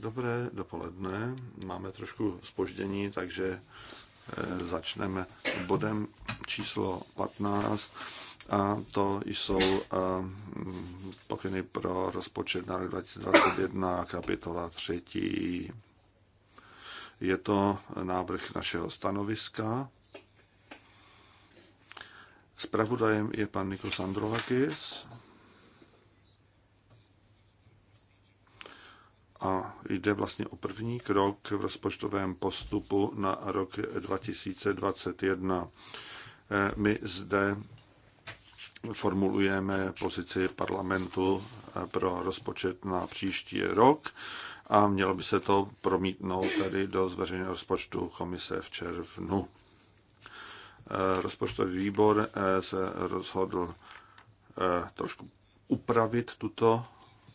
Dobré dopoledne. Máme trošku spoždění, takže eh, začneme bodem číslo 15 a to jsou eh, pokyny pro rozpočet na rok 2021, kapitola 3. Je to návrh našeho stanoviska. Spravodajem je pan Nikos Androvakis. a jde vlastně o první krok v rozpočtovém postupu na rok 2021. Eh, my zde formulujeme pozici parlamentu eh, pro rozpočet na příští rok a mělo by se to promítnout tady do zveřejného rozpočtu komise v červnu. Eh, rozpočtový výbor se rozhodl trošku upravit tuto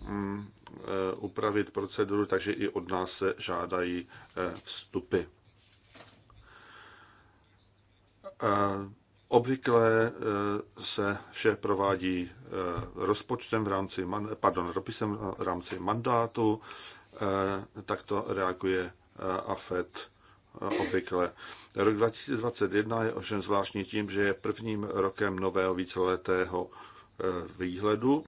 mm, Eh, upravit proceduru, takže i od nás se žádají eh, vstupy. Eh, obvykle se vše provádí rozpočtem v rámci, pardon, dopisem v rámci mandátu, takto reaguje AFET obvykle. Rok 2021 je ovšem zvláštní tím, že je prvním rokem nového víceletého výhledu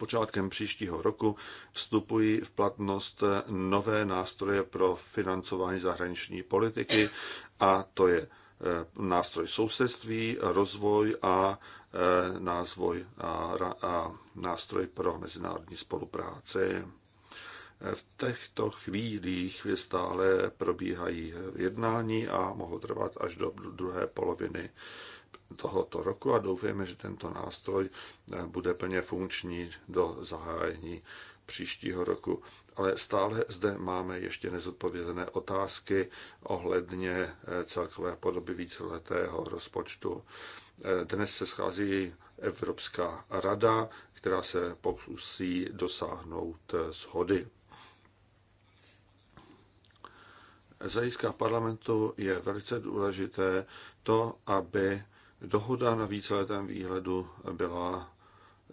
počátkem příštího roku vstupují v platnost nové nástroje pro financování zahraniční politiky a to je eh, nástroj sousedství, rozvoj a eh, názvoj a, a nástroj pro mezinárodní spolupráci. V těchto chvílích stále probíhají jednání a mohou trvat až do druhé poloviny tohoto roku a doufejme, že tento nástroj eh, bude plně funkční do zahájení příštího roku. Ale stále zde máme ještě nezodpovězené otázky ohledně eh, celkové podoby víceletého rozpočtu. Eh, dnes se schází Evropská rada, která se pokusí dosáhnout shody. Zajistka parlamentu je velice důležité to, aby Dohoda na víceletém výhledu byla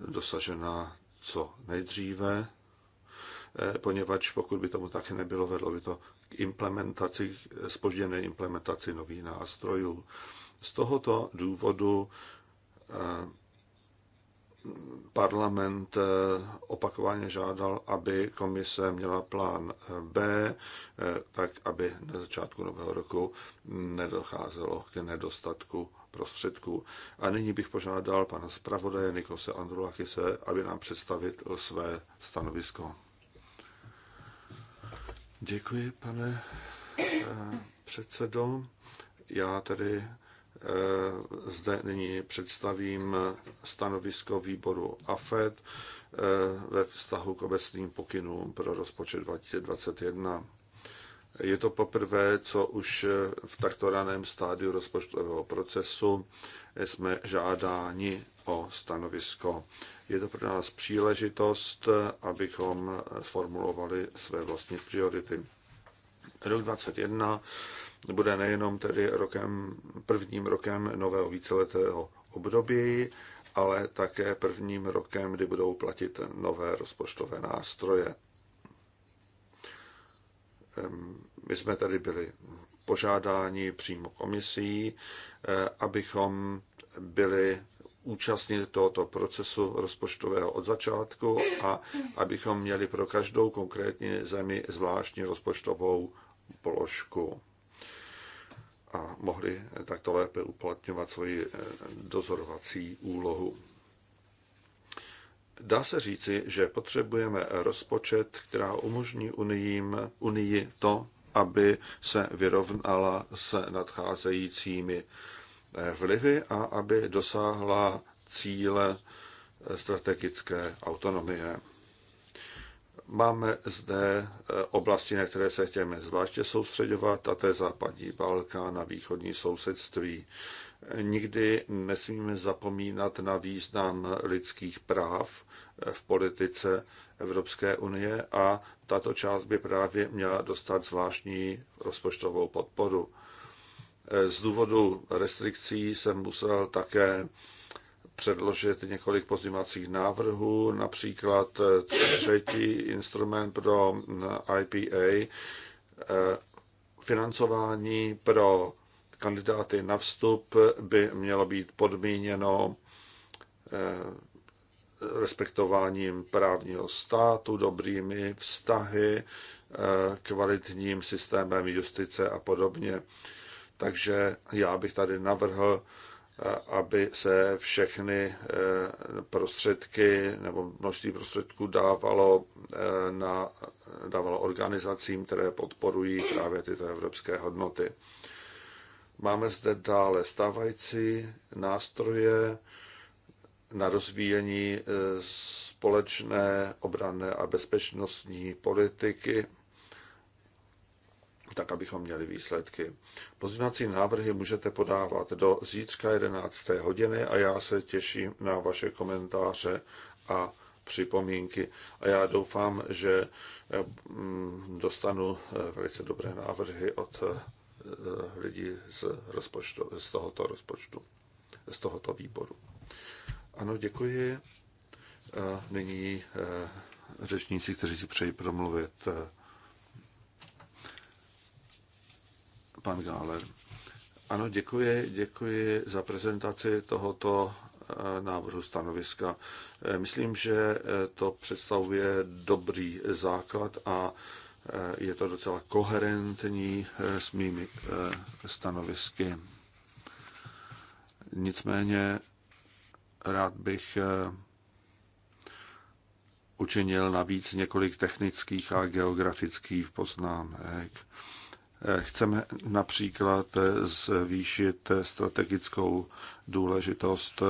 dosažena co nejdříve, eh, poněvadž pokud by tomu tak nebylo, vedlo by to k implementaci, spožděné implementaci nových nástrojů. Z tohoto důvodu eh, parlament eh, opakovaně žádal, aby komise měla plán B, tak aby na začátku nového roku nedocházelo k nedostatku prostředků. A nyní bych požádal pana zpravodaje Nikose Andrulakise, aby nám představil své stanovisko. Děkuji, pane eh, předsedo. Já tedy eh, zde nyní představím stanovisko výboru AFED eh, ve vztahu k obecným pokynům pro rozpočet 2021. Je to poprvé, co už v takto raném stádiu rozpočtového procesu jsme žádáni o stanovisko. Je to pro nás příležitost, abychom formulovali své vlastní priority. Rok 2021 bude nejenom tedy rokem, prvním rokem nového víceletého období, ale také prvním rokem, kdy budou platit nové rozpočtové nástroje my jsme tady byli požádáni přímo komisí, eh, abychom byli účastní tohoto procesu rozpočtového od začátku a abychom měli pro každou konkrétní zemi zvláštní rozpočtovou položku a mohli takto lépe uplatňovat svoji eh, dozorovací úlohu. Dá se říci, že potřebujeme rozpočet, která umožní unijím, unii to, aby se vyrovnala s nadcházejícími eh, vlivy a aby dosáhla cíle eh, strategické autonomie. Máme zde eh, oblasti, na které se chtějeme zvláště soustředovat, a to je západní Balkán a východní sousedství. Nikdy nesmíme zapomínat na význam lidských práv v politice Evropské unie a tato část by právě měla dostat zvláštní rozpočtovou podporu. Z důvodu restrikcí jsem musel také předložit několik pozměňovacích návrhů, například třetí instrument pro IPA, eh, financování pro kandidáty na vstup by mělo být podmíněno eh, respektováním právního státu, dobrými vztahy, eh, kvalitním systémem justice a podobně. Takže já bych tady navrhl, eh, aby se všechny prostředky nebo množství prostředků dávalo, na, dávalo organizacím, které podporují právě tyto evropské hodnoty. Máme zde dále stávající nástroje na rozvíjení e, společné obranné a bezpečnostní politiky, tak abychom měli výsledky. Pozvinací návrhy můžete podávat do zítřka 11. hodiny a já se těším na vaše komentáře a připomínky. A já doufám, že mm, dostanu e, velice dobré návrhy od e, Eh, lidi z, rozpočtu, z tohoto rozpočtu, z tohoto výboru. Ano, děkuji. A nyní eh, řečníci, kteří si přejí promluvit. Eh, pan Gáler. Ano, děkuji, děkuji za prezentaci tohoto návrhu stanoviska. Myslím, že to představuje dobrý základ a Eh, je to docela koherentní eh, s mými eh, stanovisky. Nicméně rád bych učinil navíc několik technických a geografických poznámek. Chceme například zvýšit strategickou důležitost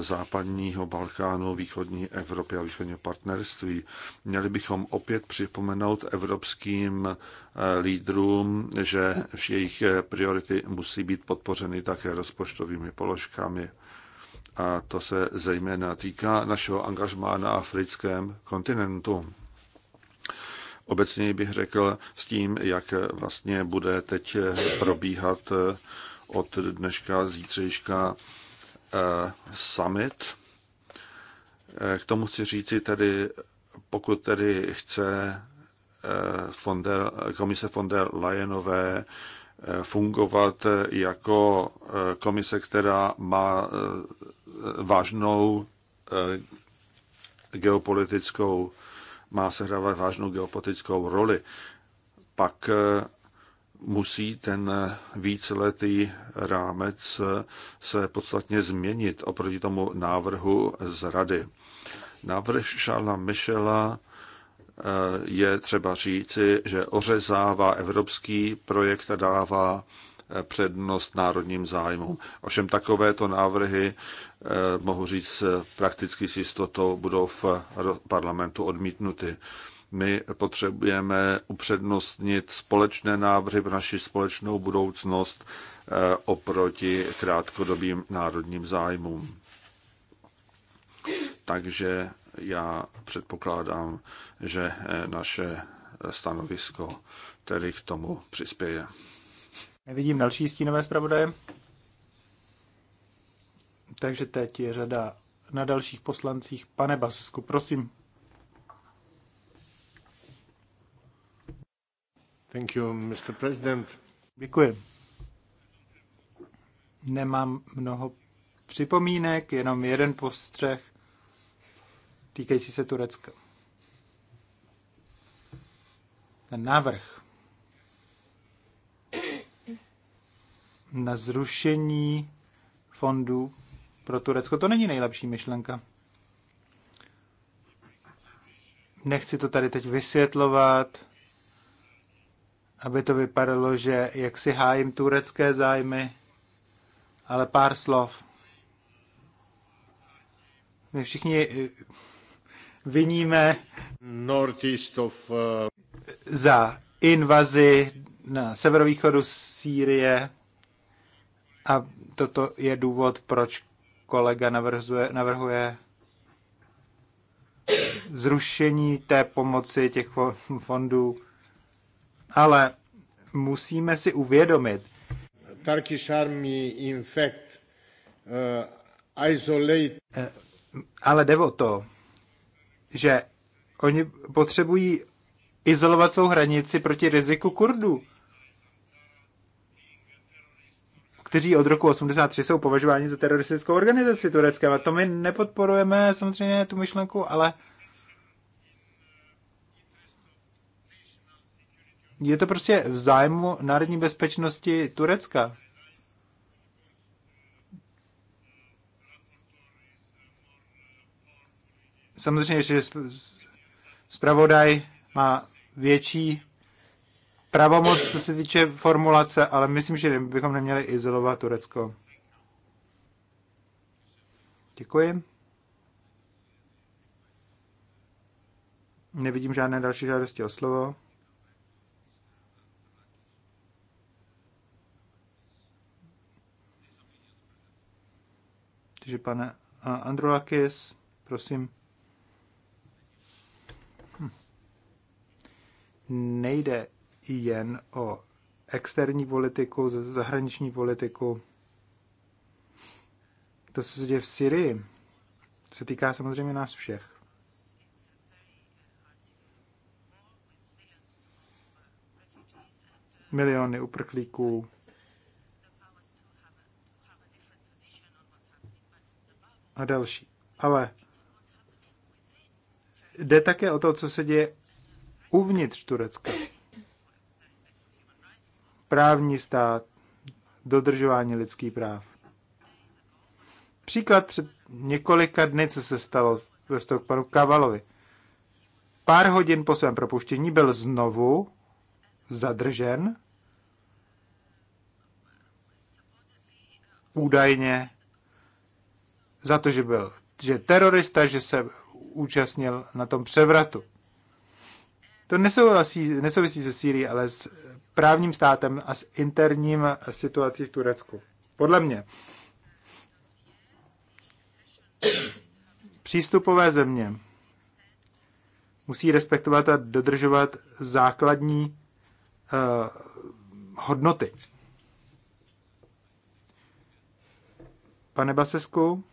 západního Balkánu, východní Evropy a východního partnerství. Měli bychom opět připomenout evropským eh, lídrům, že jejich priority musí být podpořeny také rozpočtovými položkami. A to se zejména týká našeho angažmá na africkém kontinentu. Obecně bych řekl s tím, jak vlastně bude teď probíhat eh, od dneška, zítřejška summit. K tomu chci říci tedy, pokud tedy chce eh, von der, komise von der Leyenové eh, fungovat jako eh, komise, která má vážnou geopolitickou, má sehrávat vážnou geopolitickou roli, pak musí ten víceletý rámec se podstatně změnit oproti tomu návrhu z rady. Návrh Šala Michela eh, je třeba říci, že ořezává evropský projekt a dává eh, přednost národním zájmům. Ovšem takovéto návrhy, eh, mohu říct prakticky s jistotou, budou v parlamentu odmítnuty. My potřebujeme upřednostnit společné návrhy v naši společnou budoucnost eh, oproti krátkodobým národním zájmům. Takže já předpokládám, že eh, naše stanovisko tedy k tomu přispěje. Nevidím další stínové zpravodaje. Takže teď je řada na dalších poslancích. Pane Basisku, prosím. Mr. President. Děkuji. Nemám mnoho připomínek, jenom jeden postřeh týkající se Turecka. Ten návrh na zrušení fondů pro Turecko, to není nejlepší myšlenka. Nechci to tady teď vysvětlovat, aby to vypadalo, že jak si hájím turecké zájmy, ale pár slov. My všichni eh, viníme of, uh... za invazi na severovýchodu Sýrie a toto je důvod, proč kolega navrhuje, navrhuje zrušení té pomoci těch fondů ale musíme si uvědomit, Turkish army in fact uh, eh, isolate. Eh, ale jde o to, že oni potřebují izolovat svou hranici proti riziku Kurdů, kteří od roku 83 jsou považováni za teroristickou organizaci turecké. A to my nepodporujeme samozřejmě tu myšlenku, ale uh, je to prostě v zájmu národní bezpečnosti Turecka. Samozřejmě, že zpravodaj má větší pravomoc, co se týče formulace, ale myslím, že bychom neměli izolovat Turecko. Děkuji. Nevidím žádné další žádosti o slovo. Takže pane Androlakis, prosím. Hm. Nejde jen o externí politiku, zahraniční politiku. To, co se děje v Syrii, se týká samozřejmě nás všech. Miliony uprchlíků, a další. Ale jde také o to, co se děje uvnitř Turecka. Právní stát, dodržování lidských práv. Příklad před několika dny, co se stalo ve k panu Kavalovi. Pár hodin po svém propuštění byl znovu zadržen údajně za to, že byl že terorista, že se účastnil na tom převratu. To nesouvisí, nesouvisí se Sýrií, ale s právním státem a s interním situací v Turecku. Podle mě přístupové země musí respektovat a dodržovat základní uh, hodnoty. Pane Basesku?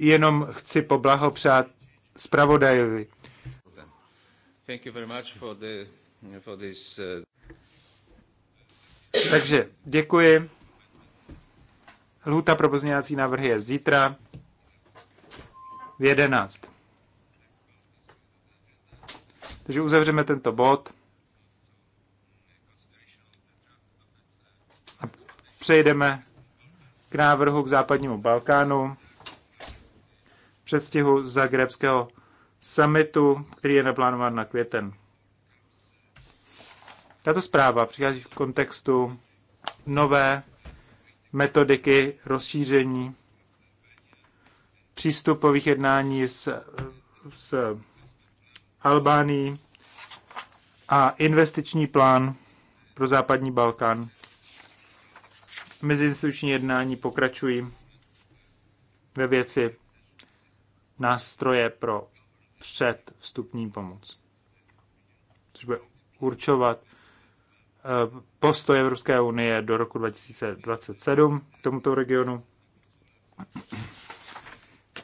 jenom chci poblahopřát zpravodajovi. Uh, Takže děkuji. Lhuta pro pozměňovací návrhy je zítra v 11. Takže uzavřeme tento bod a přejdeme k návrhu k západnímu Balkánu předstihu zagrebského summitu, který je naplánován na květen. Tato zpráva přichází v kontextu nové metodiky rozšíření přístupových jednání s, s Albánií a investiční plán pro západní Balkán. Meziinstituční jednání pokračují ve věci nástroje pro předvstupní pomoc, což bude určovat eh, postoj Evropské unie do roku 2027 k tomuto regionu.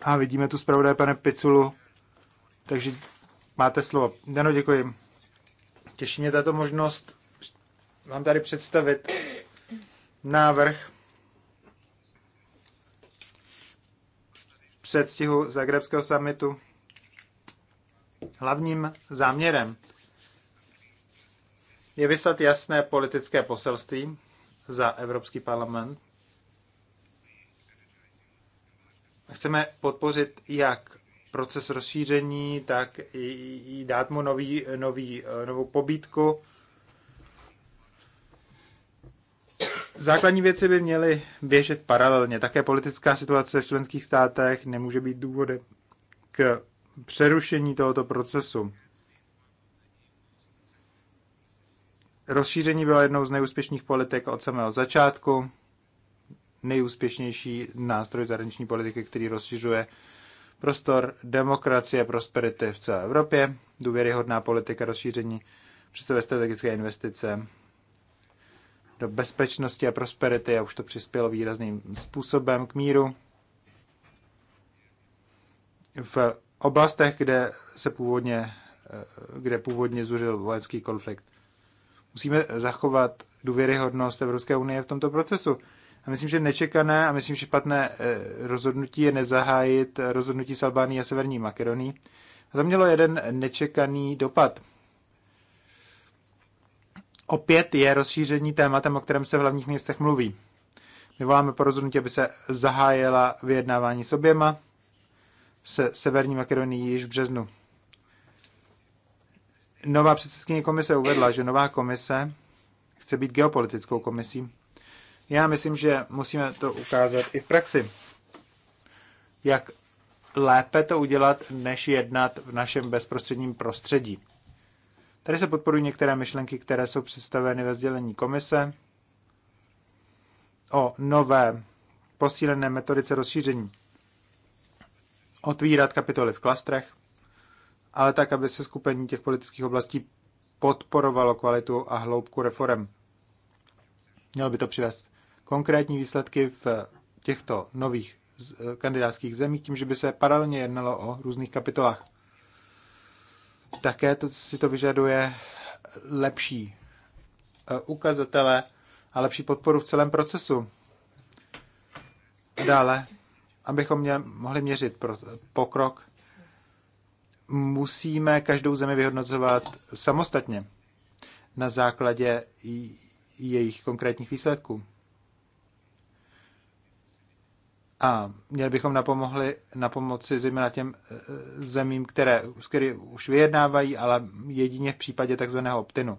A vidíme tu zpravodaj pane Piculu, takže máte slovo. Deno děkuji. Těší mě tato možnost vám tady představit návrh předstihu Zagrebského summitu. Hlavním záměrem je vyslat jasné politické poselství za Evropský parlament. Chceme podpořit jak proces rozšíření, tak i dát mu nový, nový, novou pobídku Základní věci by měly běžet paralelně. Také politická situace v členských státech nemůže být důvodem k přerušení tohoto procesu. Rozšíření bylo jednou z nejúspěšných politik od samého začátku. Nejúspěšnější nástroj zahraniční politiky, který rozšiřuje prostor demokracie, prosperity v celé Evropě. Důvěryhodná politika rozšíření představuje strategické investice do bezpečnosti a prosperity a už to přispělo výrazným způsobem k míru. V oblastech, kde se původně, eh, kde původně zužil vojenský konflikt. Musíme zachovat důvěryhodnost Evropské unie v tomto procesu. A myslím, že nečekané a myslím, že špatné eh, rozhodnutí je nezahájit rozhodnutí s Albánií a Severní Makedonii. A to mělo jeden nečekaný dopad opět je rozšíření tématem, o kterém se v hlavních městech mluví. My voláme po rozhodnutí, aby se zahájila vyjednávání s oběma, se Severní Makedonií již v březnu. Nová předsedkyně komise uvedla, že nová komise chce být geopolitickou komisí. Já myslím, že musíme to ukázat i v praxi. Jak lépe to udělat, než jednat v našem bezprostředním prostředí. Tady se podporují některé myšlenky, které jsou představeny ve sdělení komise o nové posílené metodice rozšíření. Otvírat kapitoly v klastrech, ale tak, aby se skupení těch politických oblastí podporovalo kvalitu a hloubku reform. Mělo by to přivést konkrétní výsledky v těchto nových kandidátských zemích tím, že by se paralelně jednalo o různých kapitolách. Také to, si to vyžaduje lepší eh, ukazatele a lepší podporu v celém procesu. Dále, abychom mě, mohli měřit pro, pokrok, musíme každou zemi vyhodnocovat samostatně na základě jejich konkrétních výsledků. A měli bychom napomohli, napomoci zejména těm eh, zemím, které, s které už vyjednávají, ale jedině v případě takzvaného optinu.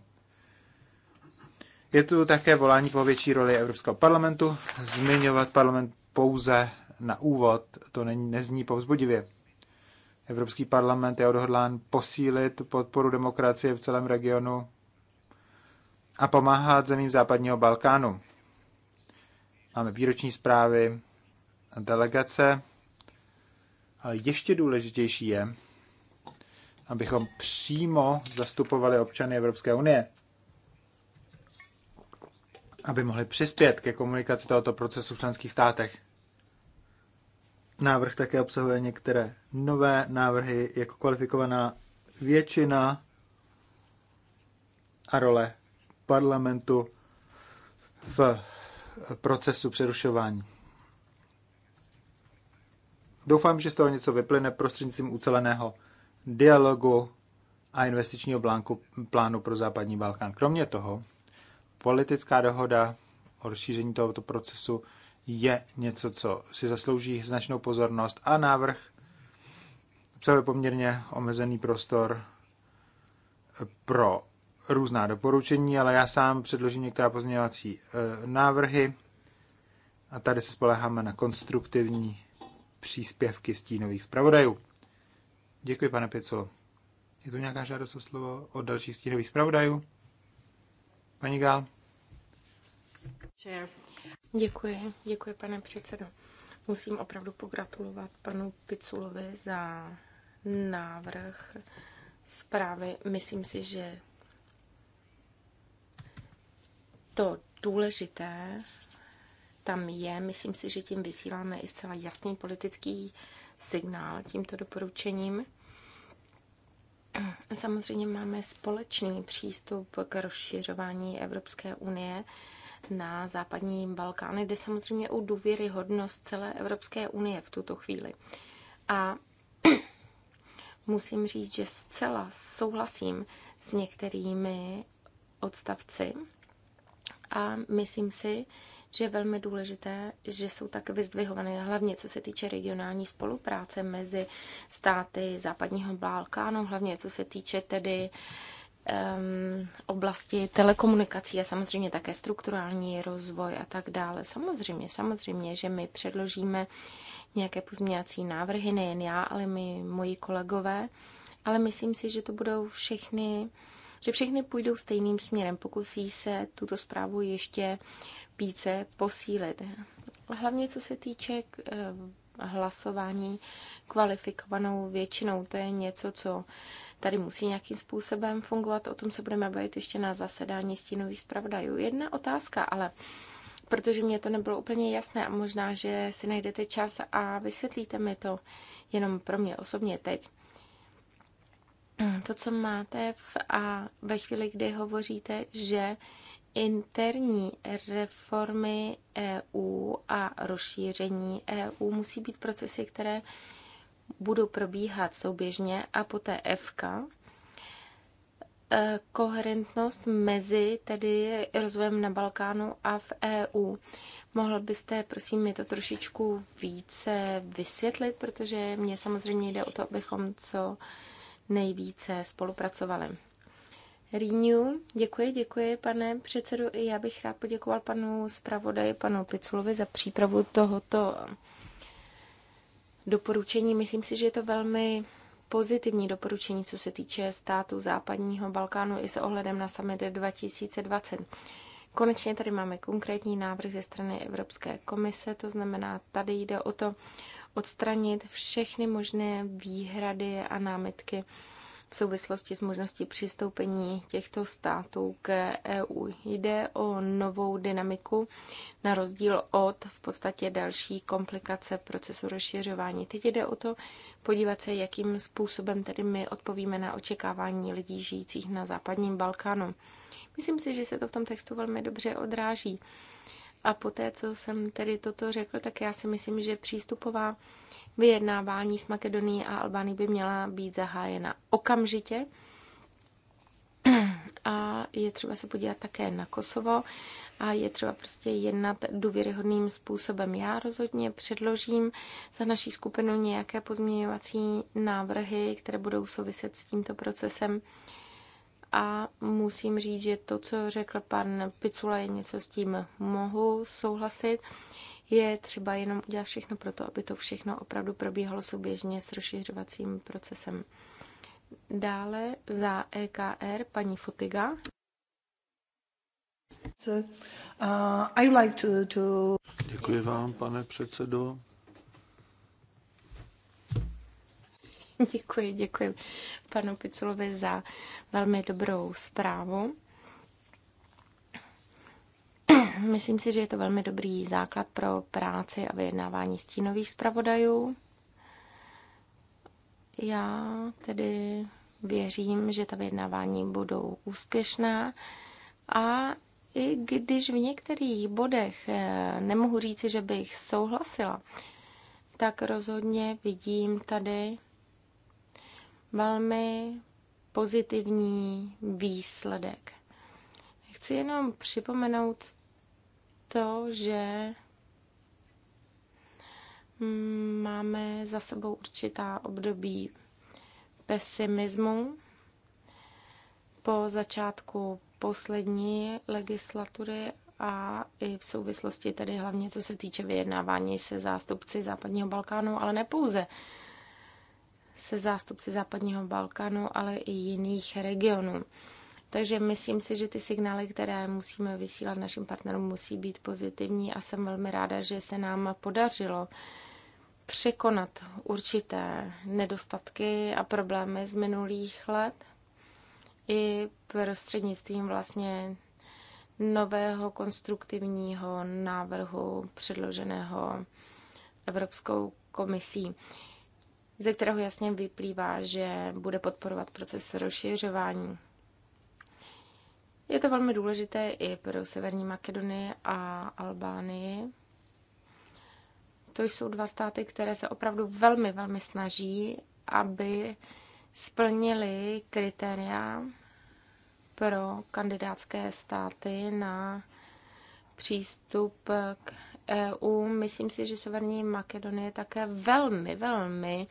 Je tu také volání po větší roli Evropského parlamentu. Zmiňovat parlament pouze na úvod, to není, nezní povzbudivě. Evropský parlament je odhodlán posílit podporu demokracie v celém regionu a pomáhat zemím západního Balkánu. Máme výroční zprávy, delegace, ale ještě důležitější je, abychom přímo zastupovali občany Evropské unie, aby mohli přispět ke komunikaci tohoto procesu v členských státech. Návrh také obsahuje některé nové návrhy, jako kvalifikovaná většina a role parlamentu v procesu přerušování. Doufám, že z toho něco vyplyne prostřednictvím uceleného dialogu a investičního blánku, plánu pro západní Balkán. Kromě toho, politická dohoda o rozšíření tohoto procesu je něco, co si zaslouží značnou pozornost a návrh obsahuje poměrně omezený prostor pro různá doporučení, ale já sám předložím některá pozměňovací eh, návrhy a tady se spoleháme na konstruktivní příspěvky stínových zpravodajů. Děkuji, pane Pico. Je tu nějaká žádost o slovo od dalších stínových zpravodajů? Paní Gál? Děkuji, děkuji, pane předsedo. Musím opravdu pogratulovat panu Piculovi za návrh zprávy. Myslím si, že to důležité tam je. Myslím si, že tím vysíláme i zcela jasný politický signál tímto doporučením. Samozřejmě máme společný přístup k rozšiřování Evropské unie na západní Balkány, jde samozřejmě o důvěryhodnost celé Evropské unie v tuto chvíli. A musím říct, že zcela souhlasím s některými odstavci a myslím si, že je velmi důležité, že jsou tak vyzdvihované, hlavně co se týče regionální spolupráce mezi státy západního Balkánu, hlavně co se týče tedy um, oblasti telekomunikací a samozřejmě také strukturální rozvoj a tak dále. Samozřejmě, samozřejmě, že my předložíme nějaké pozměňovací návrhy, nejen já, ale my, moji kolegové, ale myslím si, že to budou všechny, že všechny půjdou stejným směrem. Pokusí se tuto zprávu ještě více posílit. Hlavně co se týče eh, hlasování kvalifikovanou většinou, to je něco, co tady musí nějakým způsobem fungovat. O tom se budeme bavit ještě na zasedání stínových zpravodajů. Jedna otázka, ale protože mě to nebylo úplně jasné a možná, že si najdete čas a vysvětlíte mi to jenom pro mě osobně teď. To, co máte v, a ve chvíli, kdy hovoříte, že interní reformy EU a rozšíření EU musí být procesy, které budou probíhat souběžně a poté FK. E, koherentnost mezi tedy rozvojem na Balkánu a v EU. Mohl byste, prosím, mi to trošičku více vysvětlit, protože mě samozřejmě jde o to, abychom co nejvíce spolupracovali. Renew. Děkuji, děkuji, pane předsedu. I já bych rád poděkoval panu zpravodaji, panu Piculovi za přípravu tohoto doporučení. Myslím si, že je to velmi pozitivní doporučení, co se týče státu západního Balkánu i se ohledem na summit 2020. Konečně tady máme konkrétní návrh ze strany Evropské komise, to znamená, tady jde o to odstranit všechny možné výhrady a námitky v souvislosti s možností přistoupení těchto států k EU. Jde o novou dynamiku na rozdíl od v podstatě další komplikace procesu rozšiřování. Teď jde o to podívat se, jakým způsobem tedy my odpovíme na očekávání lidí žijících na západním Balkánu. Myslím si, že se to v tom textu velmi dobře odráží. A poté, co jsem tedy toto řekl, tak já si myslím, že přístupová vyjednávání s Makedonií a Albány by měla být zahájena okamžitě. A je třeba se podívat také na Kosovo a je třeba prostě jednat důvěryhodným způsobem. Já rozhodně předložím za naší skupinu nějaké pozměňovací návrhy, které budou souviset s tímto procesem. A musím říct, že to, co řekl pan Picula, je něco s tím mohu souhlasit. Je třeba jenom udělat všechno pro to, aby to všechno opravdu probíhalo souběžně s rozšiřovacím procesem. Dále za EKR paní Fotiga. uh, I like to, to... Děkuji vám, pane předsedo. Děkuji, děkuji panu Piculovi za velmi dobrou zprávu. Myslím si, že je to velmi dobrý základ pro práci a vyjednávání stínových zpravodajů. Já tedy věřím, že ta vyjednávání budou úspěšná a i když v některých bodech eh, nemohu říci, že bych souhlasila, tak rozhodně vidím tady velmi pozitivní výsledek. Chci jenom připomenout to, že máme za sebou určitá období pesimismu po začátku poslední legislatury a i v souvislosti tedy hlavně co se týče vyjednávání se zástupci západního Balkánu, ale nepouze se zástupci západního Balkánu, ale i jiných regionů. Takže myslím si, že ty signály, které musíme vysílat našim partnerům, musí být pozitivní a jsem velmi ráda, že se nám podařilo překonat určité nedostatky a problémy z minulých let i prostřednictvím vlastně nového konstruktivního návrhu předloženého Evropskou komisí, ze kterého jasně vyplývá, že bude podporovat proces rozšiřování. Je to velmi důležité i pro Severní Makedonii a Albánii. To jsou dva státy, které se opravdu velmi, velmi snaží, aby splnili kritéria pro kandidátské státy na přístup k EU. Myslím si, že Severní Makedonie také velmi, velmi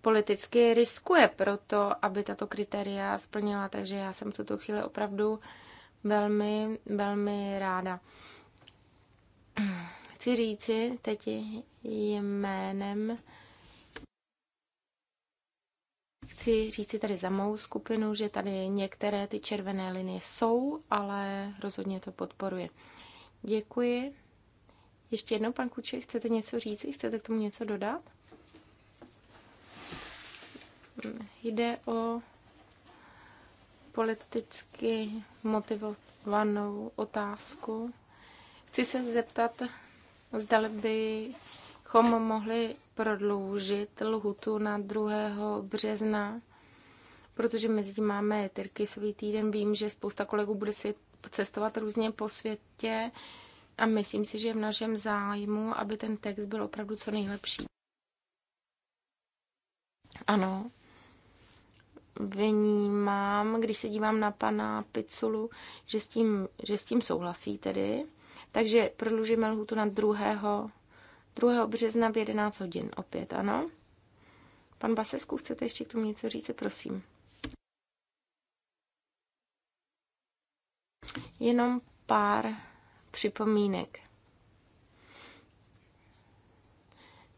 politicky riskuje pro to, aby tato kritéria splnila. Takže já jsem v tuto chvíli opravdu velmi, velmi ráda. Chci říci teď jménem chci říci tady za mou skupinu, že tady některé ty červené linie jsou, ale rozhodně to podporuje. Děkuji. Ještě jednou, pan Kuček, chcete něco říci? Chcete k tomu něco dodat? Jde o politicky motivovanou otázku. Chci se zeptat, zda bychom mohli prodloužit lhutu na 2. března, protože mezi tím máme Tyrkisový týden. Vím, že spousta kolegů bude svět, cestovat různě po světě a myslím si, že je v našem zájmu, aby ten text byl opravdu co nejlepší. Ano, vnímám, když se dívám na pana Piculu, že s tím, že s tím souhlasí tedy. Takže prodlužíme lhutu na 2. 2. března v 11 hodin opět, ano. Pan Basesku, chcete ještě k tomu něco říct? Prosím. Jenom pár připomínek.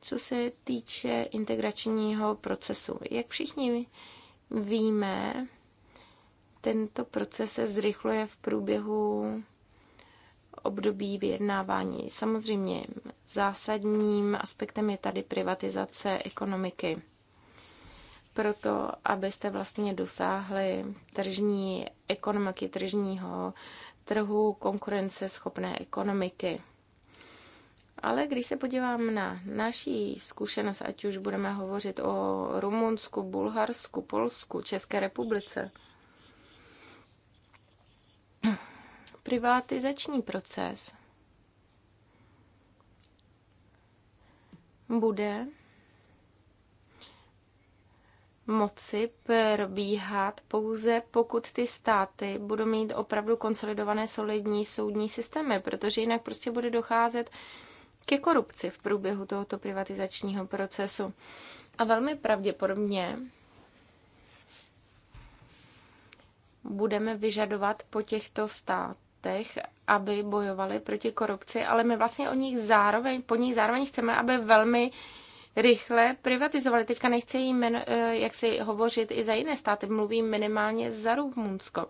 Co se týče integračního procesu, jak všichni víme, tento proces se zrychluje v průběhu období vyjednávání. Samozřejmě zásadním aspektem je tady privatizace ekonomiky. Proto, abyste vlastně dosáhli tržní ekonomiky, tržního trhu, konkurenceschopné ekonomiky. Ale když se podívám na naší zkušenost, ať už budeme hovořit o Rumunsku, Bulharsku, Polsku, České republice, privatizační proces bude moci probíhat pouze pokud ty státy budou mít opravdu konsolidované solidní soudní systémy, protože jinak prostě bude docházet ke korupci v průběhu tohoto privatizačního procesu. A velmi pravděpodobně budeme vyžadovat po těchto státech, aby bojovali proti korupci, ale my vlastně o nich zároveň, po nich zároveň chceme, aby velmi rychle privatizovali. Teďka nechci jim, eh, jak si hovořit i za jiné státy, mluvím minimálně za Rumunsko.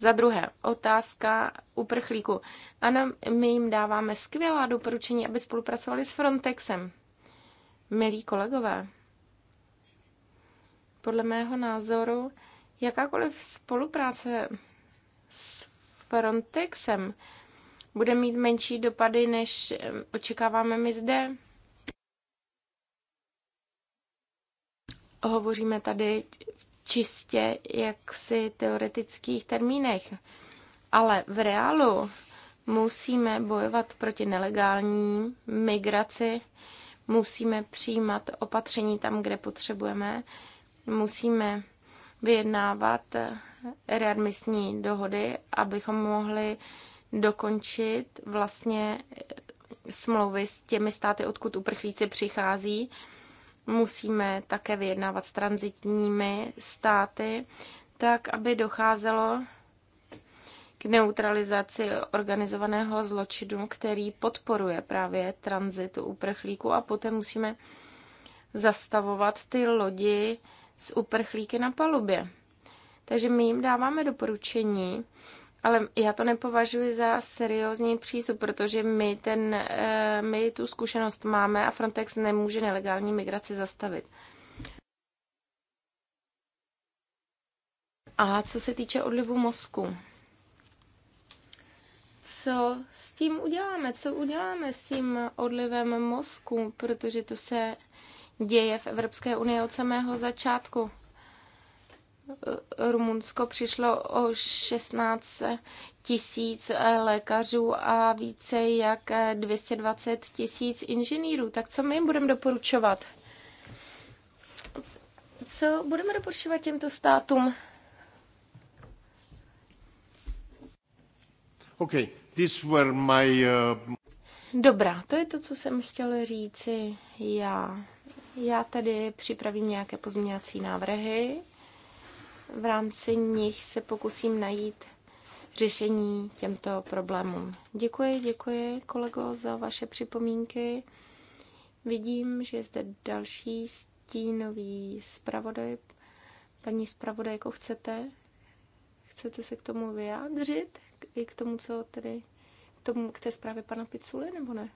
Za druhé, otázka uprchlíku. Ano, my jim dáváme skvělá doporučení, aby spolupracovali s Frontexem. Milí kolegové, podle mého názoru, jakákoliv spolupráce s Frontexem bude mít menší dopady, než eh, očekáváme my zde. Hovoříme tady v čistě jaksi teoretických termínech. Ale v reálu musíme bojovat proti nelegální migraci, musíme přijímat opatření tam, kde potřebujeme, musíme vyjednávat readmisní dohody, abychom mohli dokončit vlastně smlouvy s těmi státy, odkud uprchlíci přichází Musíme také vyjednávat s transitními státy, tak aby docházelo k neutralizaci organizovaného zločinu, který podporuje právě tranzit uprchlíků a poté musíme zastavovat ty lodi s uprchlíky na palubě. Takže my jim dáváme doporučení, ale já to nepovažuji za seriózní přístup, protože my, ten, eh, my tu zkušenost máme a Frontex nemůže nelegální migraci zastavit. A co se týče odlivu mozku, co s tím uděláme? Co uděláme s tím odlivem mozku? Protože to se děje v Evropské unii od samého začátku. Rumunsko přišlo o 16 tisíc lékařů a více jak 220 tisíc inženýrů. Tak co my jim budeme doporučovat? Co budeme doporučovat těmto státům? Okay, these were my, uh... Dobrá, to je to, co jsem chtěl říci já. Já tady připravím nějaké pozměňovací návrhy v rámci nich se pokusím najít řešení těmto problémům. Děkuji, děkuji kolego za vaše připomínky. Vidím, že je zde další stínový zpravodaj. Paní zpravodajko, chcete? Chcete se k tomu vyjádřit? I k tomu, co tedy, k, tomu, k té zprávě pana Piculi, nebo ne?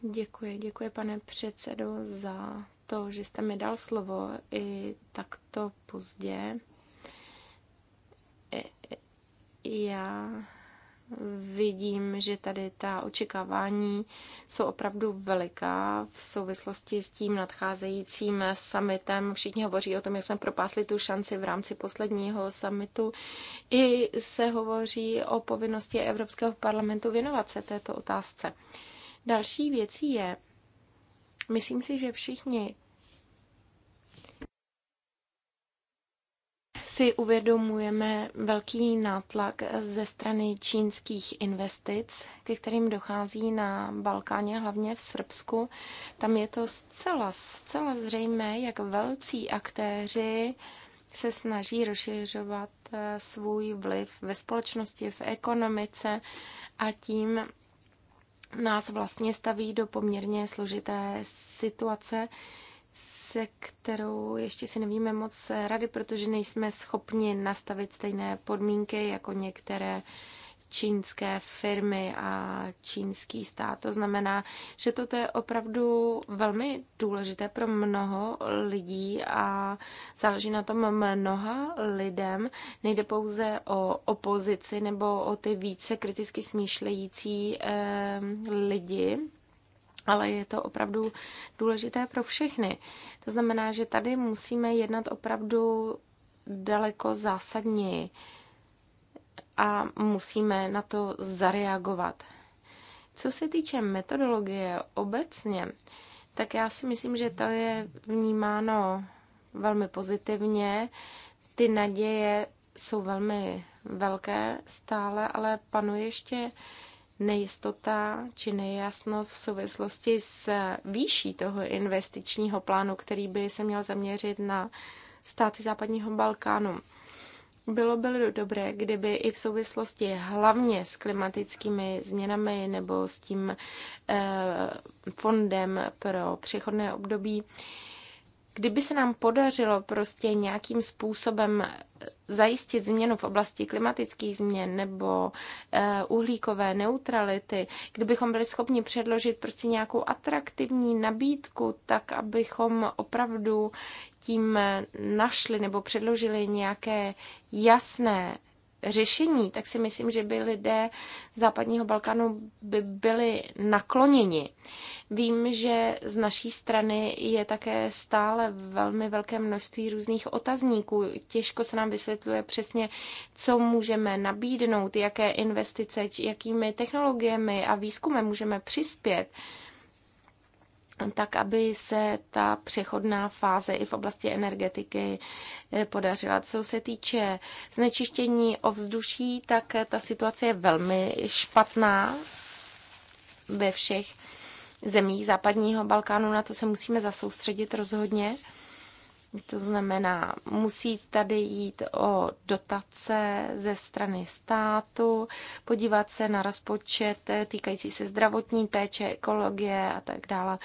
Děkuji, děkuji pane předsedo za to, že jste mi dal slovo i takto pozdě. E, e, já vidím, že tady ta očekávání jsou opravdu veliká v souvislosti s tím nadcházejícím summitem. Všichni hovoří o tom, jak jsme propásli tu šanci v rámci posledního summitu. I se hovoří o povinnosti Evropského parlamentu věnovat se této otázce. Další věcí je, myslím si, že všichni si uvědomujeme velký nátlak ze strany čínských investic, ke kterým dochází na Balkáně, hlavně v Srbsku. Tam je to zcela, zcela zřejmé, jak velcí aktéři se snaží rozšiřovat eh, svůj vliv ve společnosti, v ekonomice a tím nás vlastně staví do poměrně složité situace, se kterou ještě si nevíme moc rady, protože nejsme schopni nastavit stejné podmínky jako některé čínské firmy a čínský stát. To znamená, že toto je opravdu velmi důležité pro mnoho lidí a záleží na tom mnoha lidem. Nejde pouze o opozici nebo o ty více kriticky smýšlející eh, lidi, ale je to opravdu důležité pro všechny. To znamená, že tady musíme jednat opravdu daleko zásadněji a musíme na to zareagovat. Co se týče metodologie obecně, tak já si myslím, že to je vnímáno velmi pozitivně. Ty naděje jsou velmi velké stále, ale panuje ještě nejistota či nejasnost v souvislosti s výší toho investičního plánu, který by se měl zaměřit na státy západního Balkánu. Bylo by dobré, kdyby i v souvislosti hlavně s klimatickými změnami nebo s tím eh, fondem pro přechodné období Kdyby se nám podařilo prostě nějakým způsobem eh, zajistit změnu v oblasti klimatických změn nebo eh, uhlíkové neutrality, kdybychom byli schopni předložit prostě nějakou atraktivní nabídku, tak abychom opravdu tím eh, našli nebo předložili nějaké jasné řešení, tak si myslím, že by lidé západního Balkánu by byli nakloněni. Vím, že z naší strany je také stále velmi velké množství různých otazníků. Těžko se nám vysvětluje přesně, co můžeme nabídnout, jaké investice, jakými technologiemi a výzkumem můžeme přispět tak aby se ta přechodná fáze i v oblasti energetiky eh, podařila. Co se týče znečištění ovzduší, tak eh, ta situace je velmi špatná ve všech zemích západního Balkánu. Na to se musíme zasoustředit rozhodně. To znamená, musí tady jít o dotace ze strany státu, podívat se na rozpočet týkající se zdravotní péče, ekologie a tak dále.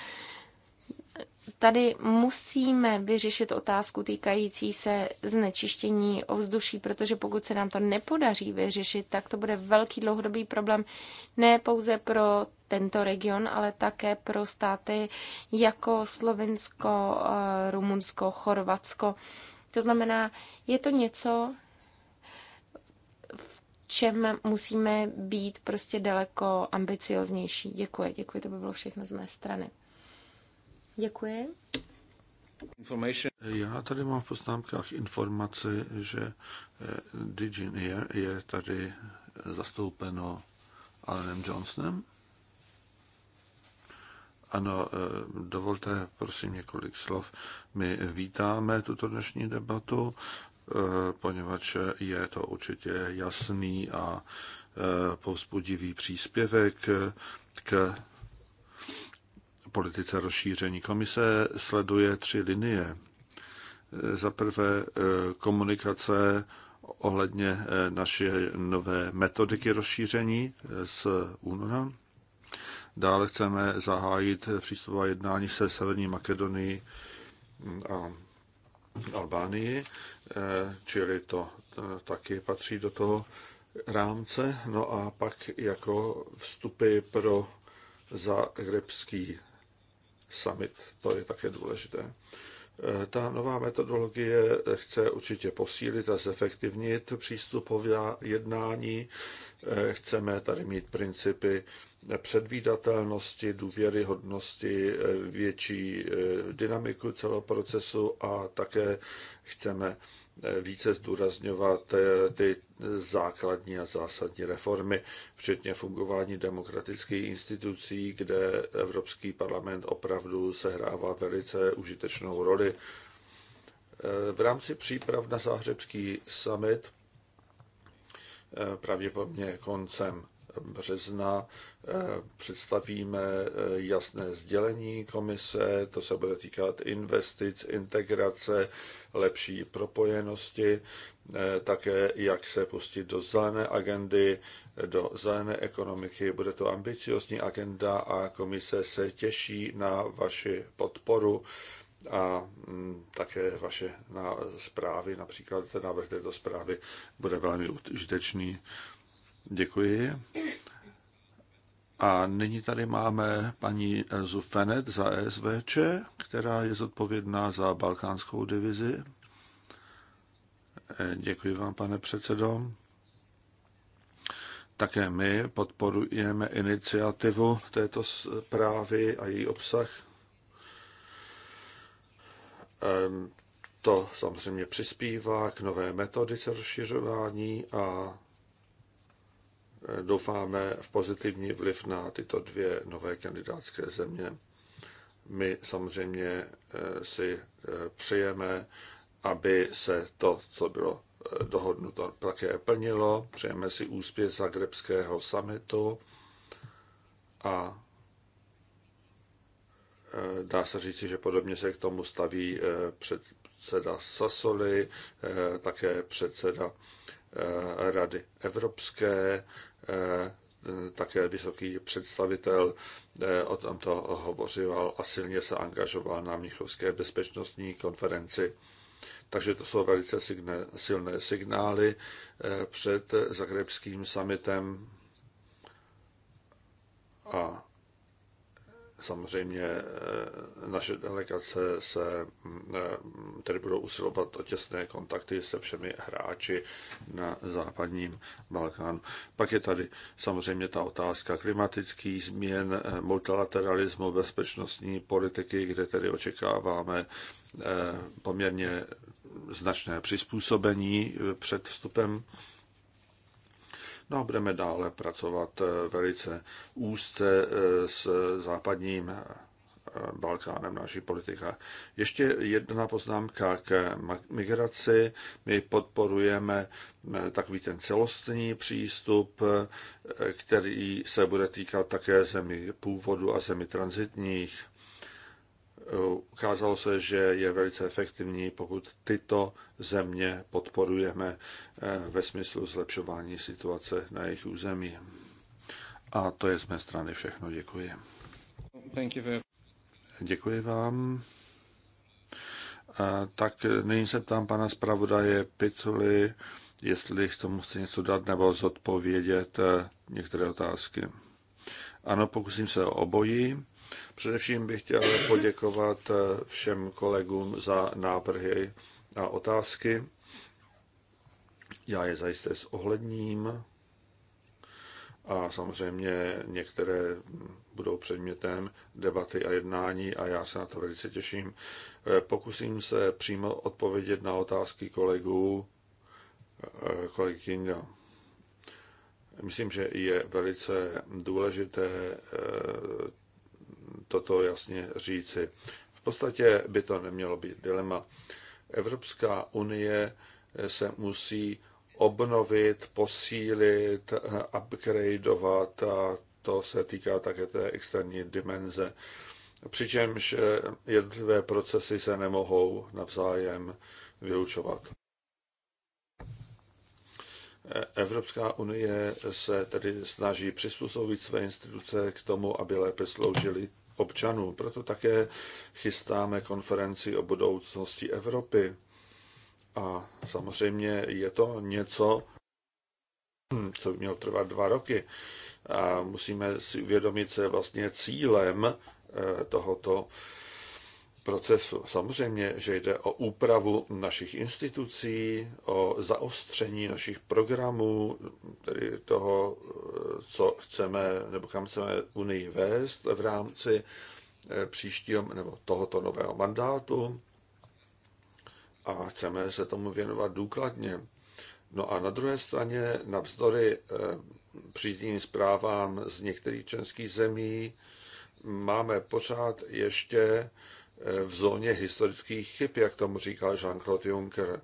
Tady musíme vyřešit otázku týkající se znečištění ovzduší, protože pokud se nám to nepodaří vyřešit, tak to bude velký dlouhodobý problém ne pouze pro tento region, ale také pro státy jako Slovensko, eh, Rumunsko, Chorvatsko. To znamená, je to něco, v čem musíme být prostě daleko ambicioznější. Děkuji, děkuji, to by bylo všechno z mé strany. Děkuji. Já tady mám v poznámkách informaci, že eh, Digineer je tady zastoupeno Alanem Johnsonem. Ano, eh, dovolte prosím několik slov. My vítáme tuto dnešní debatu, eh, poněvadž je to určitě jasný a eh, povzbudivý příspěvek k politice rozšíření. Komise sleduje tři linie. Za prvé komunikace ohledně naše nové metodiky rozšíření z února Dále chceme zahájit přístupová jednání se Severní Makedonii a Albánii, eh, čili to taky patří do toho rámce. No a pak jako vstupy pro zagrebský summit, to je také důležité. Eh, ta nová metodologie chce určitě posílit a zefektivnit přístupová jednání. Eh, chceme tady mít principy předvídatelnosti, důvěryhodnosti, eh, větší eh, dynamiku celého procesu a také chceme eh, více zdůrazňovat ty základní a zásadní reformy, včetně fungování demokratických institucí, kde Evropský parlament opravdu sehrává velice užitečnou roli. V rámci příprav na záhřebský summit pravděpodobně koncem března eh, představíme eh, jasné sdělení komise, to se bude týkat investic, integrace, lepší propojenosti, eh, také jak se pustit do zelené agendy, do zelené ekonomiky. Bude to ambiciozní agenda a komise se těší na vaši podporu a mm, také vaše na zprávy, například ten návrh této zprávy bude velmi užitečný. Děkuji. A nyní tady máme paní Zufenet za SVČ, která je zodpovědná za balkánskou divizi. Eh, děkuji vám, pane předsedo. Také my podporujeme iniciativu této zprávy a její obsah. Ehm, to samozřejmě přispívá k nové metodice rozšiřování a doufáme v pozitivní vliv na tyto dvě nové kandidátské země. My samozřejmě eh, si eh, přejeme, aby se to, co bylo eh, dohodnuto, také plnilo. Přejeme si úspěch Zagrebského summitu a dá se říci, že podobně se k tomu staví předseda Sasoli, také předseda Rady Evropské, Eh, také vysoký představitel eh, o tomto hovořil a silně se angažoval na Mnichovské bezpečnostní konferenci. Takže to jsou velice silné signály eh, před zagrebským summitem a samozřejmě eh, naše delegace se mm, eh, tedy budou usilovat o těsné kontakty se všemi hráči na západním Balkánu. Pak je tady samozřejmě ta otázka klimatických změn, eh, multilateralismu, bezpečnostní politiky, kde tedy očekáváme poměrně značné přizpůsobení před vstupem No a budeme dále pracovat eh, velice úzce eh, s západním eh, Balkánem naší politika. Ještě jedna poznámka k migraci. My podporujeme takový ten celostní přístup, který se bude týkat také zemi původu a zemi transitních. Ukázalo se, že je velice efektivní, pokud tyto země podporujeme eh, ve smyslu zlepšování situace na jejich území. A to je z mé strany všechno. Děkuji. Děkuji vám. A tak nyní se ptám pana zpravodaje Piculi, jestli k tomu chce něco dát nebo zodpovědět eh, některé otázky. Ano, pokusím se o obojí. Především bych chtěl poděkovat eh, všem kolegům za návrhy a otázky. Já je zajisté s ohledním a samozřejmě některé budou předmětem debaty a jednání a já se na to velice těším. Eh, pokusím se přímo odpovědět na otázky kolegů, eh, kolegy Kinga. Myslím, že je velice důležité toto jasně říci. V podstatě by to nemělo být dilema. Evropská unie se musí obnovit, posílit, upgradeovat a to se týká také té externí dimenze. Přičemž jednotlivé procesy se nemohou navzájem vylučovat. Evropská unie se tedy snaží přizpůsobit své instituce k tomu, aby lépe sloužily občanů. Proto také chystáme konferenci o budoucnosti Evropy. A samozřejmě je to něco, co by mělo trvat dva roky. A musíme si uvědomit, co je vlastně cílem eh, tohoto procesu. Samozřejmě, že jde o úpravu našich institucí, o zaostření našich programů, tedy toho, co chceme nebo kam chceme Unii vést v rámci eh, příštího nebo tohoto nového mandátu a chceme se tomu věnovat důkladně. No a na druhé straně, navzdory eh, příznivým zprávám z některých členských zemí, máme pořád ještě v zóně historických chyb, jak tomu říkal Jean-Claude Juncker.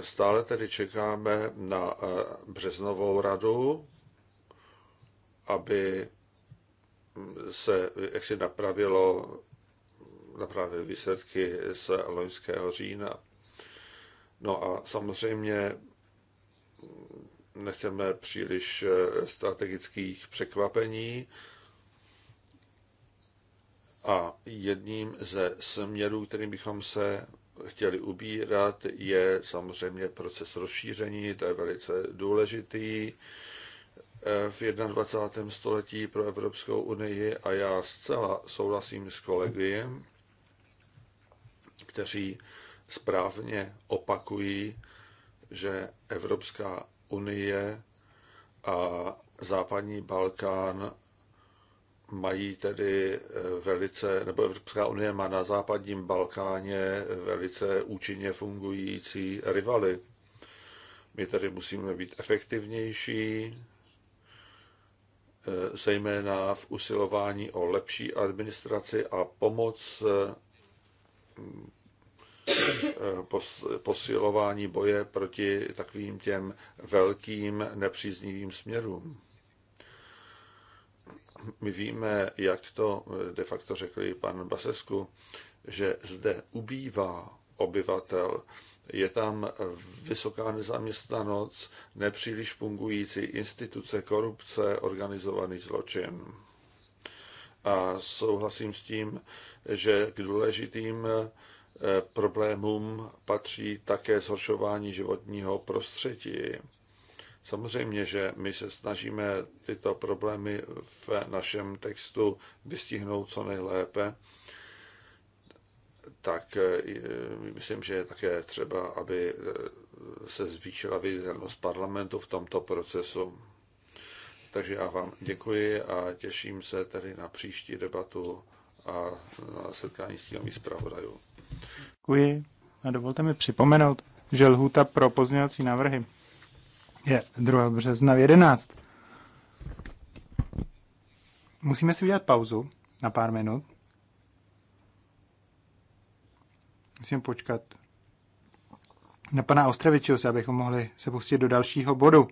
Stále tedy čekáme na eh, březnovou radu, aby mm, se jak si napravilo, napravily výsledky z loňského října. No a samozřejmě mm, nechceme příliš eh, strategických překvapení, a jedním ze směrů, kterým bychom se chtěli ubírat, je samozřejmě proces rozšíření, to je velice důležitý eh, v 21. století pro Evropskou unii a já zcela souhlasím s kolegy, kteří správně opakují, že Evropská unie a západní Balkán mají tedy eh, velice, nebo Evropská unie má na západním Balkáně eh, velice účinně fungující rivaly. My tedy musíme být efektivnější, eh, zejména v usilování o lepší administraci a pomoc mm, posilování boje proti takovým těm velkým nepříznivým směrům my víme, jak to eh, de facto řekl i pan Basesku, že zde ubývá obyvatel, je tam vysoká nezaměstnanost, nepříliš fungující instituce, korupce, organizovaný zločin. A souhlasím s tím, že k důležitým eh, problémům patří také zhoršování životního prostředí. Samozřejmě, že my se snažíme tyto problémy v našem textu vystihnout co nejlépe, tak eh, myslím, že je také třeba, aby eh, se zvýšila viditelnost parlamentu v tomto procesu. Takže já vám děkuji a těším se tedy na příští debatu a na setkání s těmi zpravodajů. Děkuji a dovolte mi připomenout, že lhůta pro pozměňovací návrhy je 2. března v 11. Musíme si udělat pauzu na pár minut. Musím počkat na pana Ostravičiuse, abychom mohli se pustit do dalšího bodu.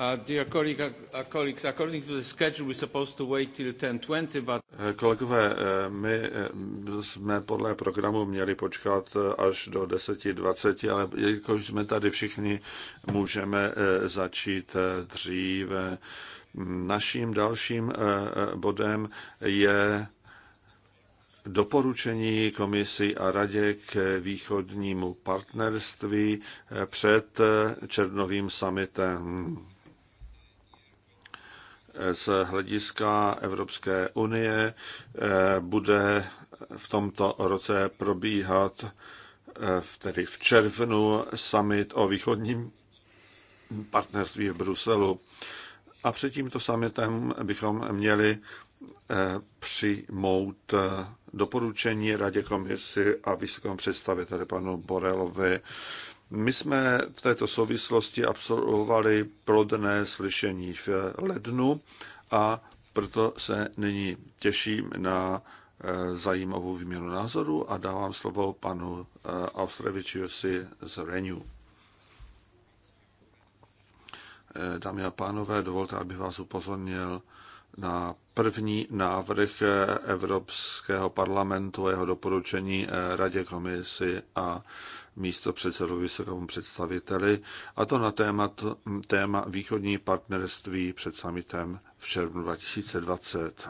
Uh, dear colleague, uh, uh, colleagues, according to the schedule, we're supposed to wait till 10.20, but... Eh, kolegové, eh, my eh, jsme podle programu měli počkat až do 10.20, ale jelikož jsme tady všichni, můžeme začít dříve. Naším dalším bodem je doporučení komisi a radě k východnímu partnerství před červnovým summitem z hlediska Evropské unie eh, bude v tomto roce probíhat eh, v, tedy v červnu summit o východním partnerství v Bruselu. A před tímto summitem bychom měli eh, přijmout doporučení Radě komisi a vysokému představiteli panu Borelovi my jsme v této souvislosti absolvovali plodné slyšení v lednu a proto se nyní těším na eh, zajímavou výměnu názoru a dávám slovo panu eh, Austrevičiusi z Renew. Eh, dámy a pánové, dovolte, abych vás upozornil na první návrh Evropského parlamentu a jeho doporučení Radě komisi a místo předsedu vysokému představiteli, a to na téma téma východní partnerství před samitem v červnu 2020.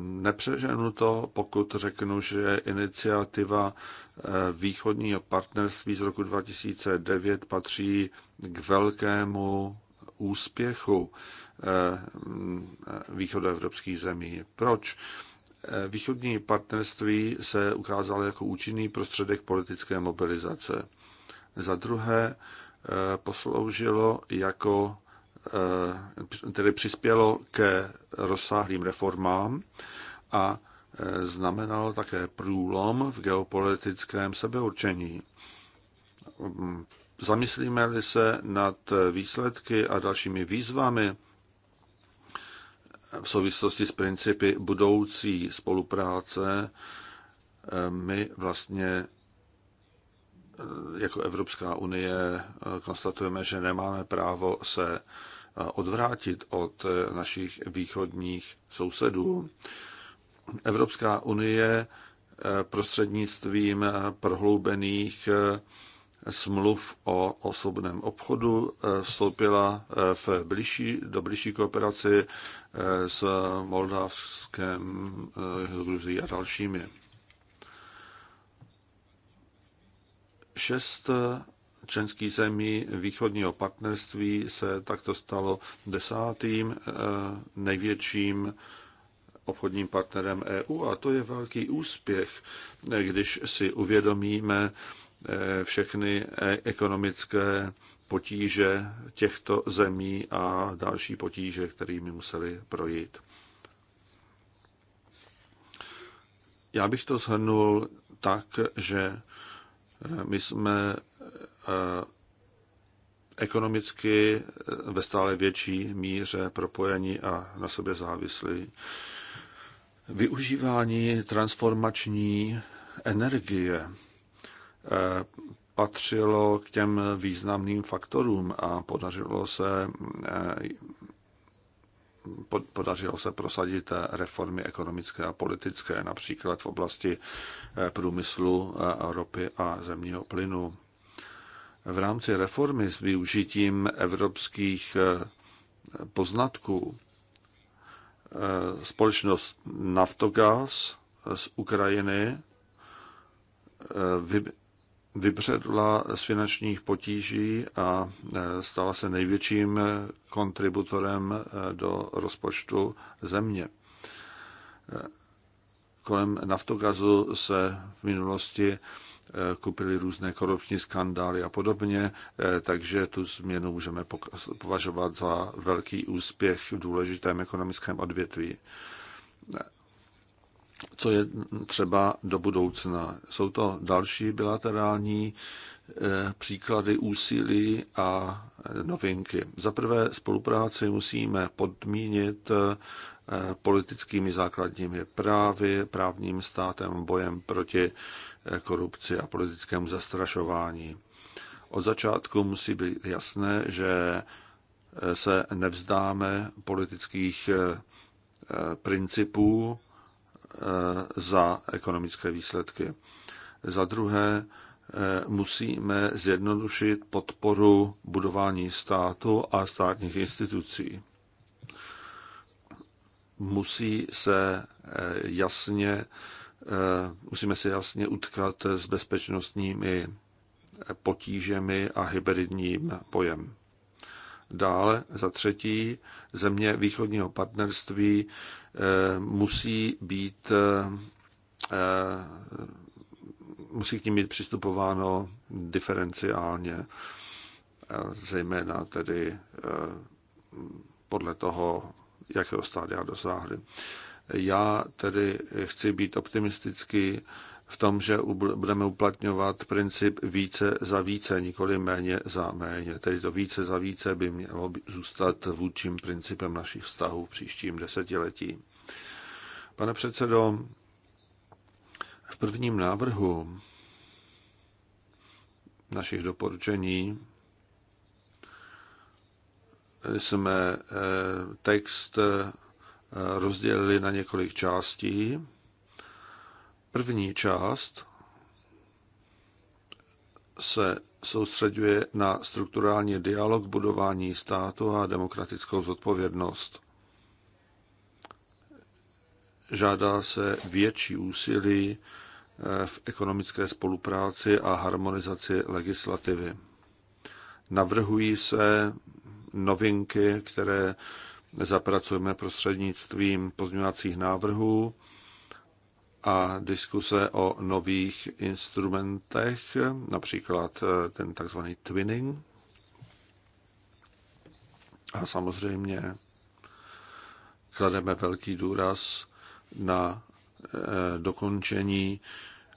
Nepřeženu to, pokud řeknu, že iniciativa eh, východního partnerství z roku 2009 patří k velkému úspěchu eh, eh, východoevropských zemí. Proč? Eh, východní partnerství se ukázalo jako účinný prostředek politické mobilizace. Za druhé eh, posloužilo jako, eh, tedy přispělo ke rozsáhlým reformám a znamenalo také průlom v geopolitickém sebeurčení. Hm, zamyslíme-li se nad výsledky a dalšími výzvami v souvislosti s principy budoucí spolupráce eh, my vlastně eh, jako Evropská unie eh, konstatujeme, že nemáme právo se odvrátit od našich východních sousedů. Evropská unie prostřednictvím prohloubených smluv o osobném obchodu eh, vstoupila eh, v blížší, do blížší kooperaci eh, s Moldavskem, Gruzií a dalšími. Šest členských zemí východního partnerství se takto stalo desátým největším obchodním partnerem EU a to je velký úspěch, když si uvědomíme, Eh, všechny e, ekonomické potíže těchto zemí a další potíže, kterými museli projít. Já bych to shrnul tak, že eh, my jsme eh, ekonomicky ve stále větší míře propojení a na sobě závislí. Využívání transformační energie patřilo k těm významným faktorům a podařilo se eh, podařilo se prosadit reformy ekonomické a politické, například v oblasti eh, průmyslu, eh, ropy a zemního plynu. V rámci reformy s využitím evropských poznatků společnost Naftogaz z Ukrajiny vybředla z finančních potíží a e, stala se největším e, kontributorem e, do rozpočtu země. Kolem naftogazu se v minulosti kupili různé korupční skandály a podobně, takže tu změnu můžeme považovat za velký úspěch v důležitém ekonomickém odvětví co je třeba do budoucna. Jsou to další bilaterální eh, příklady úsilí a novinky. Za prvé spolupráci musíme podmínit eh, politickými základními právy, právním státem, bojem proti eh, korupci a politickému zastrašování. Od začátku musí být jasné, že se nevzdáme politických principů, Eh, za ekonomické výsledky. Za druhé, eh, musíme zjednodušit podporu budování státu a státních institucí. Musí se eh, jasně, musíme se jasně utkat s bezpečnostními potížemi a hybridním pojem. Dále za třetí, země východního partnerství Eh, musí být eh, eh, musí k ním být přistupováno diferenciálně, zejména tedy podle toho, jakého stádia dosáhli. Já tedy chci být optimistický, v tom, že budeme uplatňovat princip více za více, nikoli méně za méně. Tedy to více za více by mělo zůstat vůdčím principem našich vztahů v příštím desetiletí. Pane předsedo, v prvním návrhu našich doporučení jsme eh, text eh, rozdělili na několik částí První část se soustředuje na strukturální dialog, budování státu a demokratickou zodpovědnost. Žádá se větší úsilí eh, v ekonomické spolupráci a harmonizaci legislativy. Navrhují se novinky, které zapracujeme prostřednictvím pozměňovacích návrhů a diskuse o nových instrumentech, například eh, ten takzvaný twinning. A samozřejmě klademe velký důraz na eh, dokončení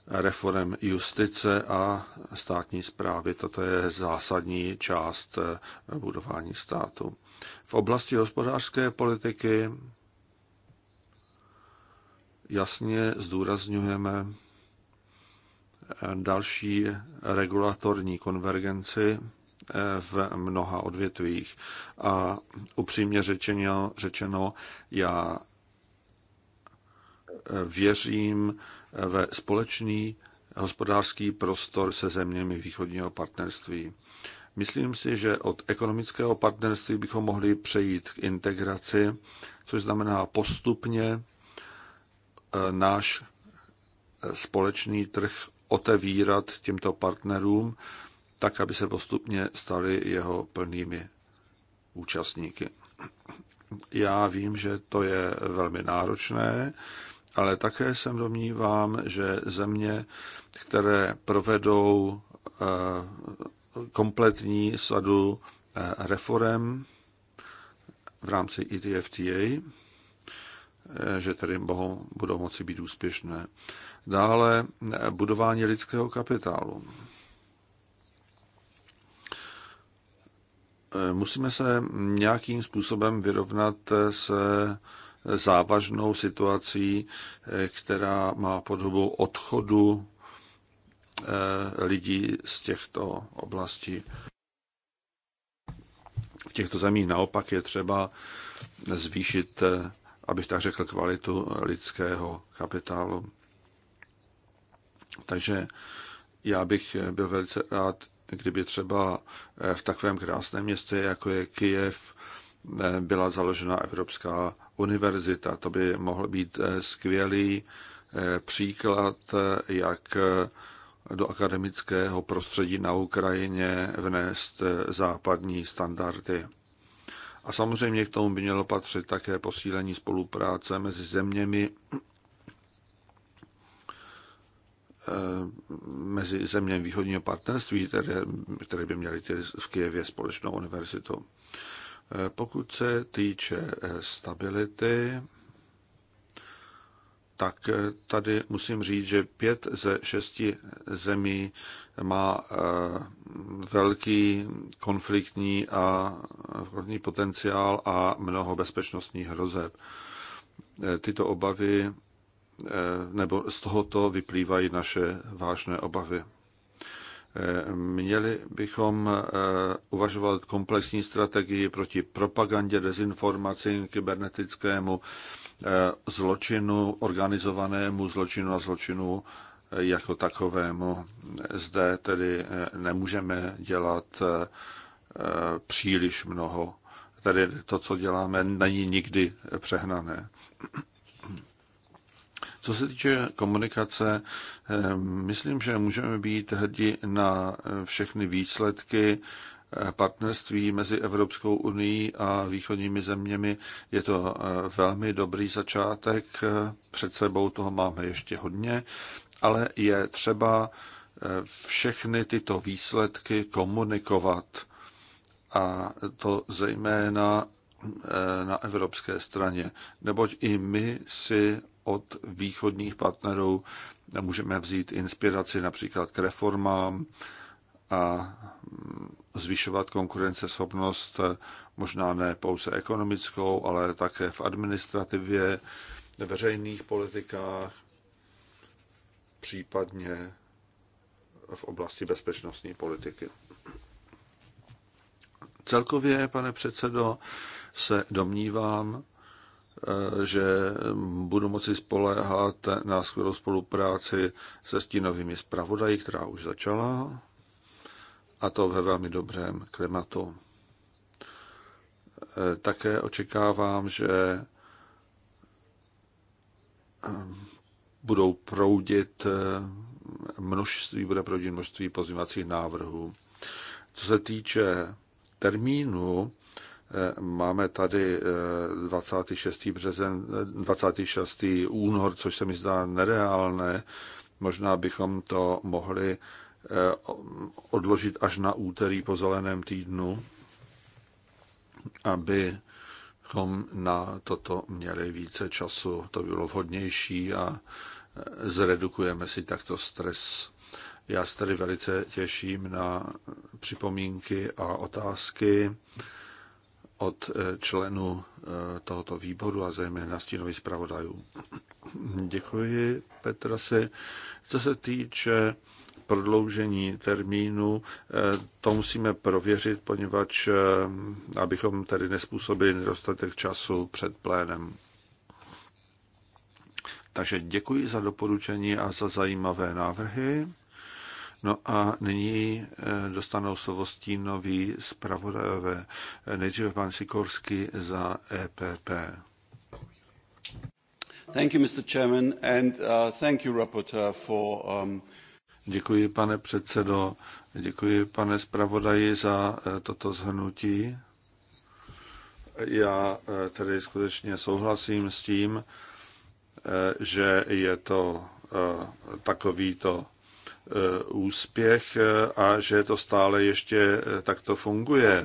reform justice a státní zprávy. Toto je zásadní část eh, budování státu. V oblasti hospodářské politiky jasně zdůrazňujeme eh, další regulatorní konvergenci eh, v mnoha odvětvích. A upřímně řečeno, řečeno já eh, věřím ve společný hospodářský prostor se zeměmi východního partnerství. Myslím si, že od ekonomického partnerství bychom mohli přejít k integraci, což znamená postupně náš eh, společný trh otevírat těmto partnerům, tak aby se postupně stali jeho plnými účastníky. Já vím, že to je velmi náročné, ale také jsem domnívám, že země, které provedou eh, kompletní sadu eh, reform v rámci ETFTA, Eh, že tedy bohou budou moci být úspěšné. Dále eh, budování lidského kapitálu. Eh, musíme se nějakým způsobem vyrovnat se závažnou situací, která má podobu odchodu lidí z těchto oblastí. V těchto zemích naopak je třeba zvýšit abych tak řekl, kvalitu lidského kapitálu. Takže já bych byl velice rád, kdyby třeba v takovém krásném městě, jako je Kijev, byla založena Evropská univerzita. To by mohl být skvělý eh, příklad, jak do akademického prostředí na Ukrajině vnést eh, západní standardy. A samozřejmě k tomu by mělo patřit také posílení spolupráce mezi zeměmi, eh, mezi zeměmi východního partnerství, které, které by měly ty v Kijevě společnou univerzitu. Eh, pokud se týče eh, stability, tak eh, tady musím říct, že pět ze šesti zemí má eh, velký konfliktní a konfliktní potenciál a mnoho bezpečnostních hrozeb. Eh, tyto obavy nebo z tohoto vyplývají naše vážné obavy. Měli bychom uvažovat komplexní strategii proti propagandě, dezinformacím, kybernetickému Eh, zločinu, organizovanému zločinu a zločinu eh, jako takovému. Zde tedy eh, nemůžeme dělat příliš mnoho. Tedy to, co děláme, není nikdy přehnané. Co se týče komunikace, myslím, že můžeme být hrdi na všechny výsledky partnerství mezi Evropskou unii a východními zeměmi. Je to eh, velmi dobrý začátek, eh, před sebou toho máme ještě hodně, ale je třeba eh, všechny tyto výsledky komunikovat a to zejména na evropské straně, neboť i my si od východních partnerů můžeme vzít inspiraci například k reformám a mm, zvyšovat konkurenceschopnost možná ne pouze ekonomickou, ale také v administrativě, veřejných politikách, případně v oblasti bezpečnostní politiky. Celkově, pane předsedo, se domnívám, že budu moci spoléhat na skvělou spolupráci se stínovými zpravodají, která už začala a to ve velmi dobrém klimatu. Eh, také očekávám, že eh, budou proudit eh, množství, bude proudit množství pozměňovacích návrhů. Co se týče termínu, máme tady 26. březen, 26. únor, což se mi zdá nereálné. Možná bychom to mohli Eh, odložit až na úterý po zeleném týdnu, abychom na toto měli více času. To bylo vhodnější a eh, zredukujeme si takto stres. Já se tady velice těším na připomínky a otázky od eh, členů tohoto výboru a zejména stínových zpravodajů. Děkuji si. Co se týče prodloužení termínu, eh, to musíme prověřit, poněvadž eh, abychom tedy nespůsobili nedostatek času před plénem. Takže děkuji za doporučení a za zajímavé návrhy. No a nyní eh, dostanou slovo stínový zpravodajové. Nejdříve pan Sikorsky za EPP. Thank you, Mr. Chairman, and uh, thank you, Rapporteur, for um, Děkuji, pane předsedo, děkuji, pane zpravodaji, za eh, toto zhrnutí. Já eh, tedy skutečně souhlasím s tím, eh, že je to takovýto úspěch a že to stále ještě takto funguje,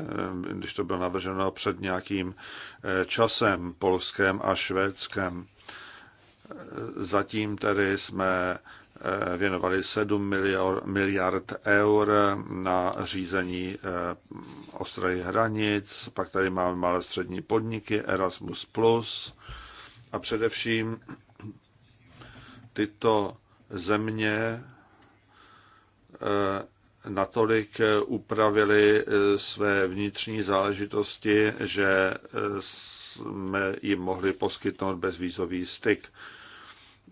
když to bylo navrženo před nějakým časem polském a švédském. Zatím tedy jsme Eh, věnovali 7 miliard eur na řízení eh, ostrojí hranic, pak tady máme malé střední podniky, Erasmus+, Plus a především tyto země eh, natolik upravili své vnitřní záležitosti, že jsme jim mohli poskytnout bezvýzový styk.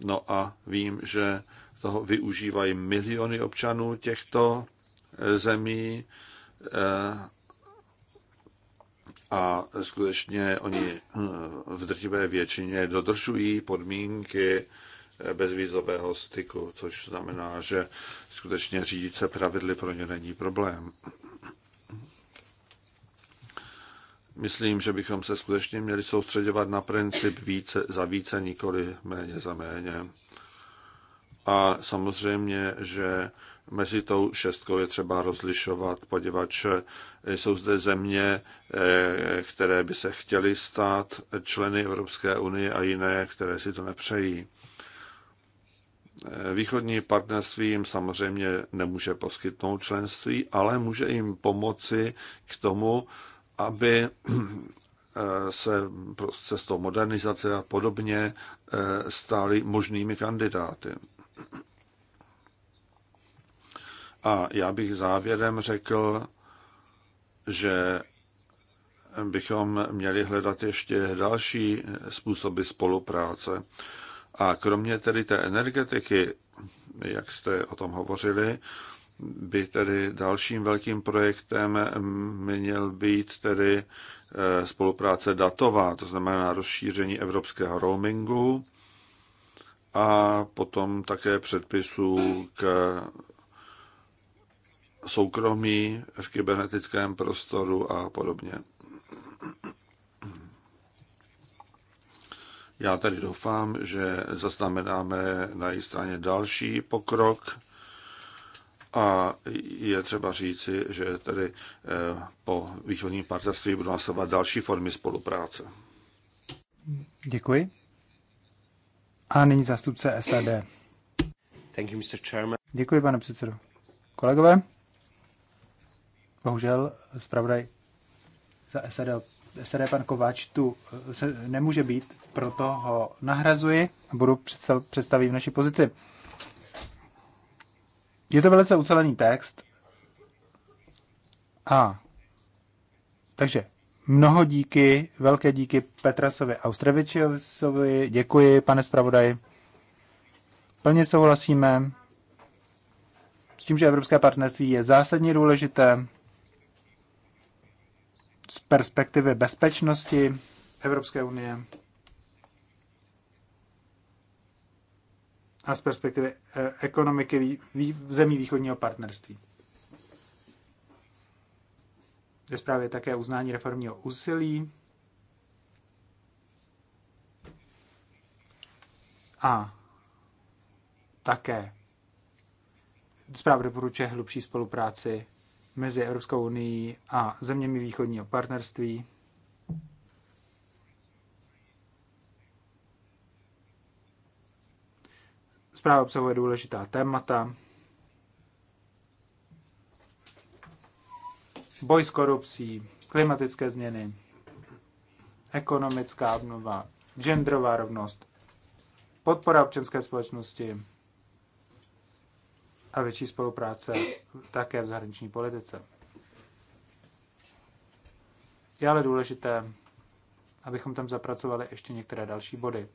No a vím, že toho využívají miliony občanů těchto eh, zemí eh, a skutečně oni hm, v drtivé většině dodržují podmínky eh, bezvízového styku, což znamená, že skutečně řídit se pravidly pro ně není problém. Myslím, že bychom se skutečně měli soustředovat na princip více za více, nikoli méně za méně. A samozřejmě, že mezi tou šestkou je třeba rozlišovat, že jsou zde země, eh, které by se chtěly stát členy Evropské unie a jiné, které si to nepřejí. Eh, východní partnerství jim samozřejmě nemůže poskytnout členství, ale může jim pomoci k tomu, aby eh, se cestou modernizace a podobně stály možnými kandidáty. A já bych závěrem řekl, že bychom měli hledat ještě další způsoby spolupráce. A kromě tedy té energetiky, jak jste o tom hovořili, by tedy dalším velkým projektem měl být tedy eh, spolupráce datová, to znamená rozšíření evropského roamingu a potom také předpisů k soukromí v kybernetickém prostoru a podobně. Já tady doufám, že zaznamenáme na její straně další pokrok a je třeba říci, že tedy eh, po východním partnerství budou následovat další formy spolupráce. Děkuji. A nyní zástupce SAD. Děkuji, pane předsedo. Kolegové, Bohužel zpravodaj za SED, SED pan Kováč tu eh, se nemůže být, proto ho nahrazuji a budu představit v naší pozici. Je to velice ucelený text. A takže mnoho díky, velké díky Petrasovi Austrevičovi, děkuji pane zpravodaji. Plně souhlasíme s tím, že evropské partnerství je zásadně důležité z perspektivy bezpečnosti Evropské unie a z perspektivy eh, ekonomiky zemí východního partnerství. Ve zprávě také uznání reformního úsilí a také zpráva doporučuje hlubší spolupráci mezi Evropskou unii a zeměmi východního partnerství. Zpráva obsahuje důležitá témata. Boj s korupcí, klimatické změny, ekonomická obnova, genderová rovnost, podpora občanské společnosti, a větší spolupráce také v zahraniční politice. Je ale důležité, abychom tam zapracovali ještě některé další body.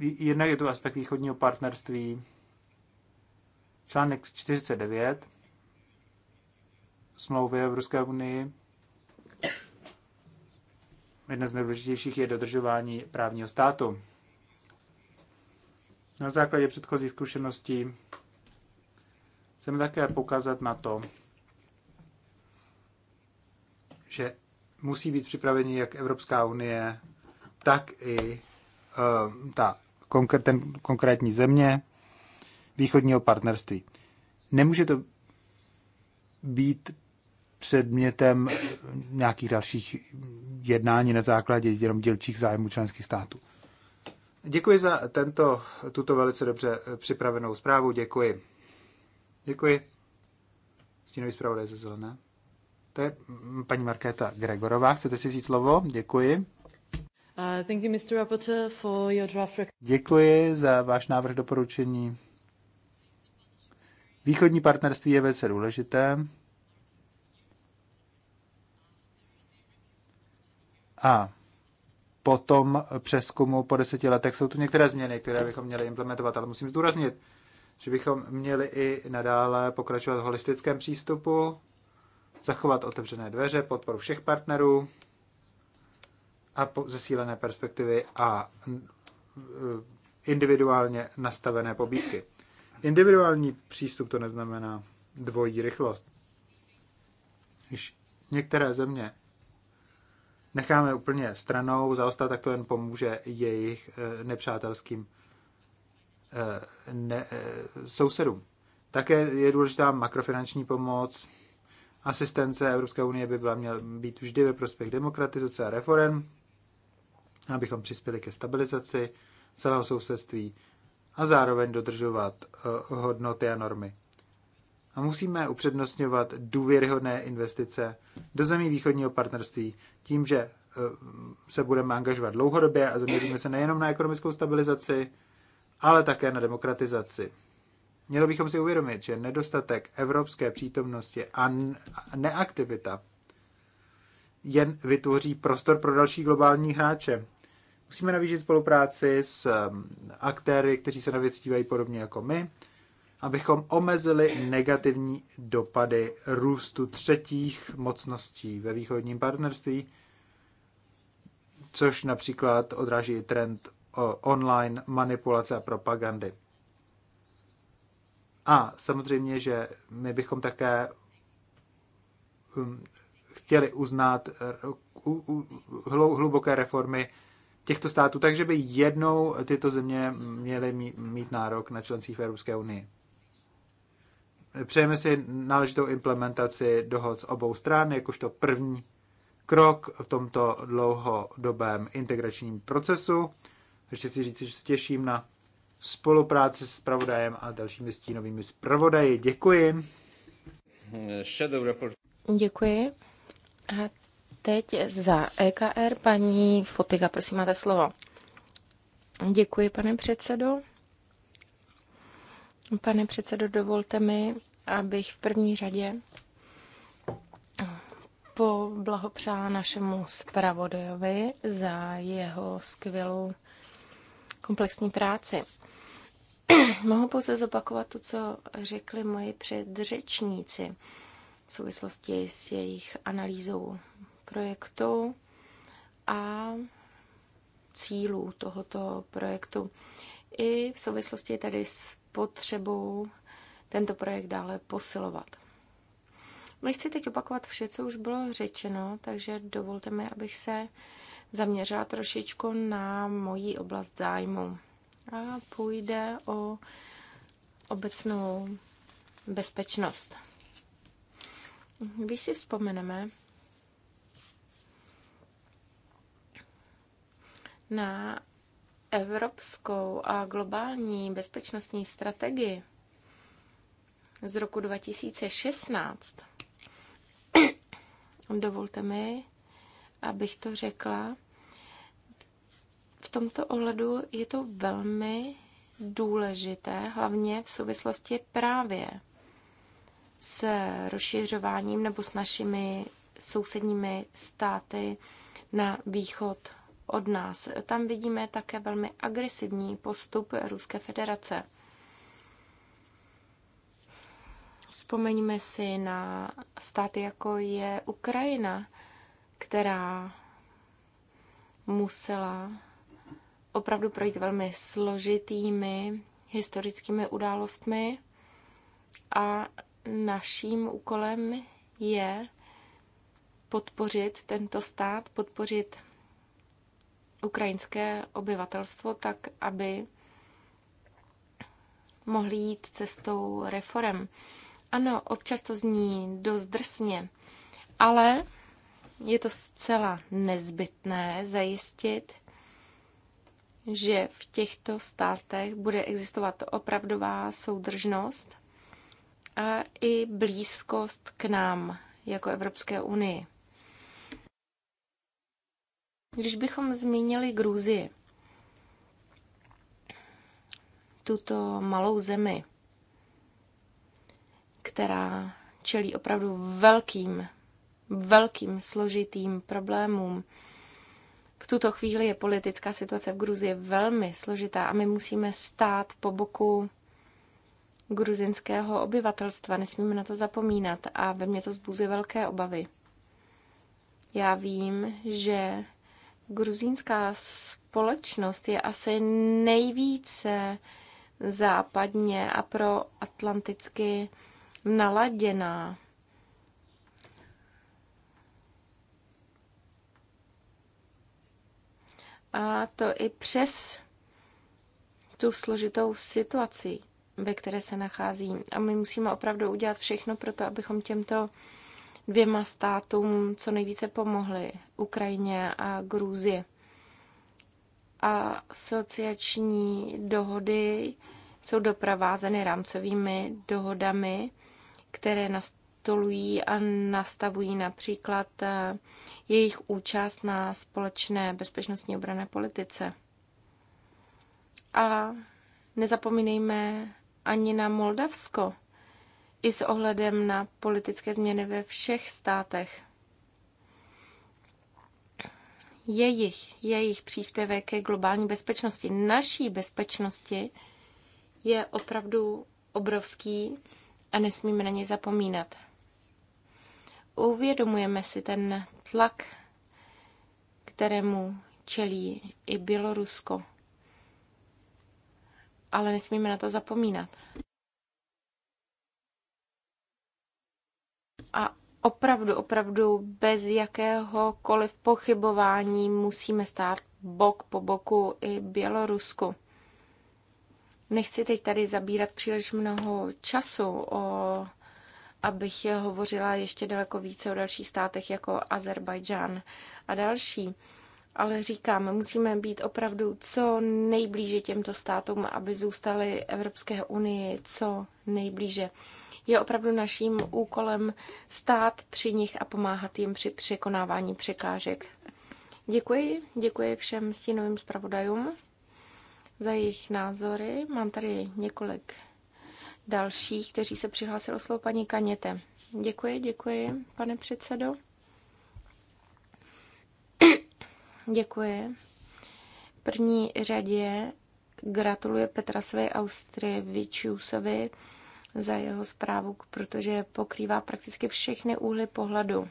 Eh, jednak je tu aspekt východního partnerství, článek 49 smlouvy Evropské unii, Jedna z nejdůležitějších je dodržování právního státu. Na základě předchozích zkušeností chceme také poukázat na to, že musí být připraveni jak Evropská unie, tak i uh, ta, konkr- ten konkrétní země východního partnerství. Nemůže to být předmětem nějakých dalších jednání na základě jenom dělčích zájmů členských států. Děkuji za tento, tuto velice dobře eh, připravenou zprávu. Děkuji. Děkuji. Stínový zpravodaj ze Zelené. To je mm, paní Markéta Gregorová. Chcete si vzít slovo? Děkuji. Uh, thank you, Mr. Rapporteur, for your draft Děkuji za váš návrh doporučení. Východní partnerství je velice důležité. A potom přeskumu po deseti letech jsou tu některé změny, které bychom měli implementovat, ale musím zdůraznit, že bychom měli i nadále pokračovat v holistickém přístupu, zachovat otevřené dveře, podporu všech partnerů a zesílené perspektivy a e, individuálně nastavené pobídky. Individuální přístup to neznamená dvojí rychlost. Když některé země necháme úplně stranou, zaostat, tak to jen pomůže jejich eh, nepřátelským eh, ne, eh, sousedům. Také je důležitá makrofinanční pomoc. Asistence Evropské unie by byla měla být vždy ve prospěch demokratizace a reform, abychom přispěli ke stabilizaci celého sousedství a zároveň dodržovat hodnoty a normy a musíme upřednostňovat důvěryhodné investice do zemí východního partnerství tím, že e, se budeme angažovat dlouhodobě a zaměříme se nejenom na ekonomickou stabilizaci, ale také na demokratizaci. Měli bychom si uvědomit, že nedostatek evropské přítomnosti a neaktivita jen vytvoří prostor pro další globální hráče. Musíme navýšit spolupráci s e, aktéry, kteří se na věc dívají podobně jako my, abychom omezili negativní dopady růstu třetích mocností ve východním partnerství, což například odráží trend online manipulace a propagandy. A samozřejmě, že my bychom také um, chtěli uznat uh, hluboké reformy těchto států, takže by jednou tyto země měly mít nárok na členství v Evropské unii. Přejeme si náležitou implementaci dohod z obou stran, jakožto první krok v tomto dlouhodobém integračním procesu. Ještě si říct, že se těším na spolupráci s pravodajem a dalšími stínovými zpravodaji. Děkuji. Děkuji. A teď za EKR paní Fotiga, prosím, máte slovo. Děkuji, pane předsedo. Pane předsedo, dovolte mi, abych v první řadě poblahopřála našemu zpravodajovi za jeho skvělou komplexní práci. Mohu pouze zopakovat to, co řekli moji předřečníci v souvislosti s jejich analýzou projektu a cílů tohoto projektu. I v souvislosti tady s potřebu tento projekt dále posilovat. Nechci teď opakovat vše, co už bylo řečeno, takže dovolte mi, abych se zaměřila trošičku na moji oblast zájmu. A půjde o obecnou bezpečnost. Když si vzpomeneme na evropskou a globální bezpečnostní strategii z roku 2016, dovolte mi, abych to řekla, v tomto ohledu je to velmi důležité, hlavně v souvislosti právě s rozšiřováním nebo s našimi sousedními státy na východ od nás. Tam vidíme také velmi agresivní postup Ruské federace. Vzpomeňme si na státy, jako je Ukrajina, která musela opravdu projít velmi složitými historickými událostmi a naším úkolem je podpořit tento stát, podpořit ukrajinské obyvatelstvo tak, aby mohli jít cestou reform. Ano, občas to zní dost drsně, ale je to zcela nezbytné zajistit, že v těchto státech bude existovat opravdová soudržnost a i blízkost k nám jako Evropské unii. Když bychom zmínili Gruzii, tuto malou zemi, která čelí opravdu velkým, velkým složitým problémům. V tuto chvíli je politická situace v Gruzii velmi složitá a my musíme stát po boku gruzinského obyvatelstva. Nesmíme na to zapomínat a ve mně to zbuzuje velké obavy. Já vím, že gruzínská společnost je asi nejvíce západně a pro atlanticky naladěná. A to i přes tu složitou situaci, ve které se nachází. A my musíme opravdu udělat všechno pro to, abychom těmto dvěma státům co nejvíce pomohly, Ukrajině a Gruzii. A sociační dohody jsou doprovázeny rámcovými dohodami, které nastolují a nastavují například eh, jejich účast na společné bezpečnostní obrané politice. A nezapomínejme ani na Moldavsko, i s ohledem na politické změny ve všech státech. Jejich, jejich příspěvek ke globální bezpečnosti, naší bezpečnosti, je opravdu obrovský a nesmíme na něj zapomínat. Uvědomujeme si ten tlak, kterému čelí i Bělorusko, ale nesmíme na to zapomínat. a opravdu, opravdu bez jakéhokoliv pochybování musíme stát bok po boku i Bělorusku. Nechci teď tady zabírat příliš mnoho času, o, abych hovořila ještě daleko více o dalších státech jako Azerbajdžán a další. Ale říkám, musíme být opravdu co nejblíže těmto státům, aby zůstaly Evropské unii co nejblíže je opravdu naším úkolem stát při nich a pomáhat jim při překonávání překážek. Děkuji, děkuji všem stínovým zpravodajům za jejich názory. Mám tady několik dalších, kteří se přihlásili o slovo paní Kaněte. Děkuji, děkuji, pane předsedo. děkuji. V první řadě gratuluje Petrasovi Austrivičiusovi za jeho zprávu, protože pokrývá prakticky všechny úhly pohledu.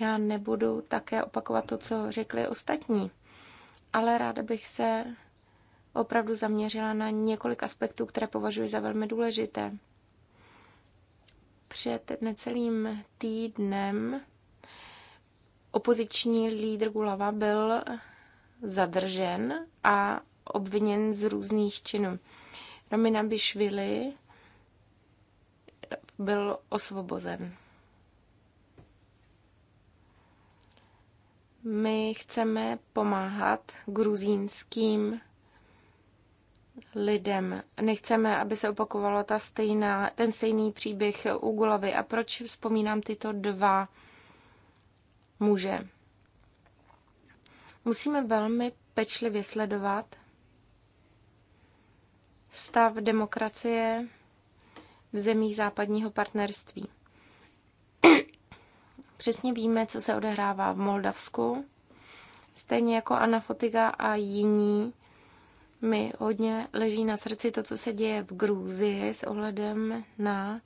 Já nebudu také opakovat to, co řekli ostatní, ale ráda bych se opravdu zaměřila na několik aspektů, které považuji za velmi důležité. Před necelým týdnem opoziční lídr Gulava byl zadržen a obviněn z různých činů. Romina Bišvili byl osvobozen. My chceme pomáhat gruzínským lidem. Nechceme, aby se opakovala ta stejná, ten stejný příběh u Gulavy. A proč vzpomínám tyto dva muže? Musíme velmi pečlivě sledovat stav demokracie v zemích západního partnerství. Přesně víme, co se odehrává v Moldavsku, stejně jako Anna Fotiga a jiní. Mi hodně leží na srdci to, co se děje v Gruzii s ohledem na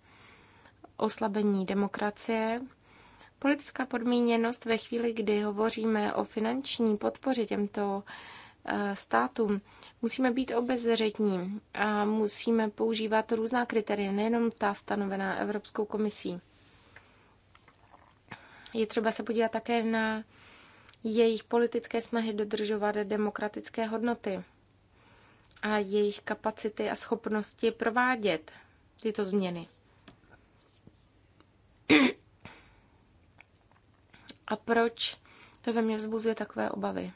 oslabení demokracie. Politická podmíněnost ve chvíli, kdy hovoříme o finanční podpoře těmto Eh, státům, musíme být obezřetní a musíme používat různá kritéria, nejenom ta stanovená Evropskou komisí. Je třeba se podívat také na jejich politické snahy dodržovat demokratické hodnoty a jejich kapacity a schopnosti provádět tyto změny. A proč to ve mně vzbuzuje takové obavy?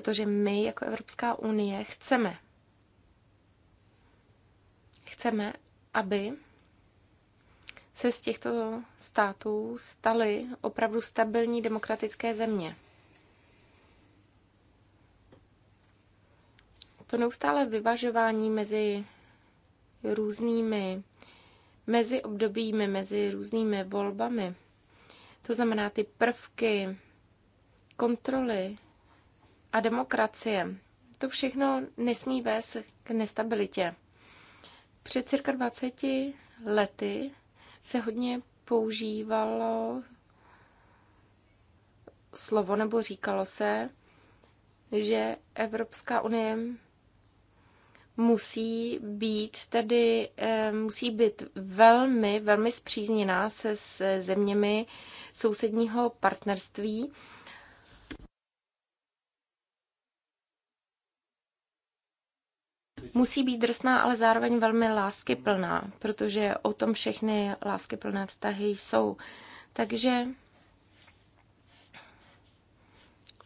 protože my jako Evropská unie chceme, chceme, aby se z těchto států staly opravdu stabilní demokratické země. To neustále vyvažování mezi různými, mezi obdobími, mezi různými volbami, to znamená ty prvky kontroly a demokracie. To všechno nesmí vést k nestabilitě. Před cirka 20 lety se hodně používalo slovo nebo říkalo se, že Evropská unie musí být tedy, eh, musí být velmi, velmi zpřízněná se, se zeměmi sousedního partnerství musí být drsná, ale zároveň velmi láskyplná, protože o tom všechny láskyplné vztahy jsou. Takže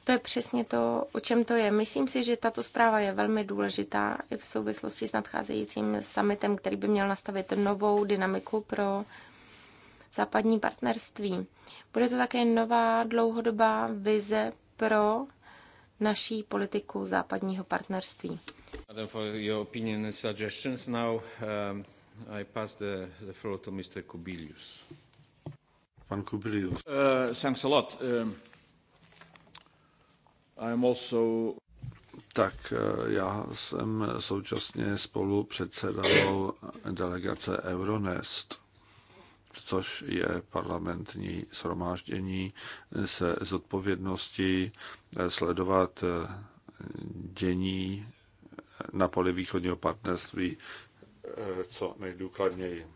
to je přesně to, o čem to je. Myslím si, že tato zpráva je velmi důležitá i v souvislosti s nadcházejícím summitem, který by měl nastavit novou dynamiku pro západní partnerství. Bude to také nová dlouhodobá vize pro naší politiku západního partnerství. Um, Pan Kubilius. Uh, thanks a lot. Um, I'm also... Tak uh, já jsem současně spolu předsedal delegace Euronest což je parlamentní shromáždění se zodpovědností eh, sledovat eh, dění eh, na poli východního partnerství co nejdůkladněji.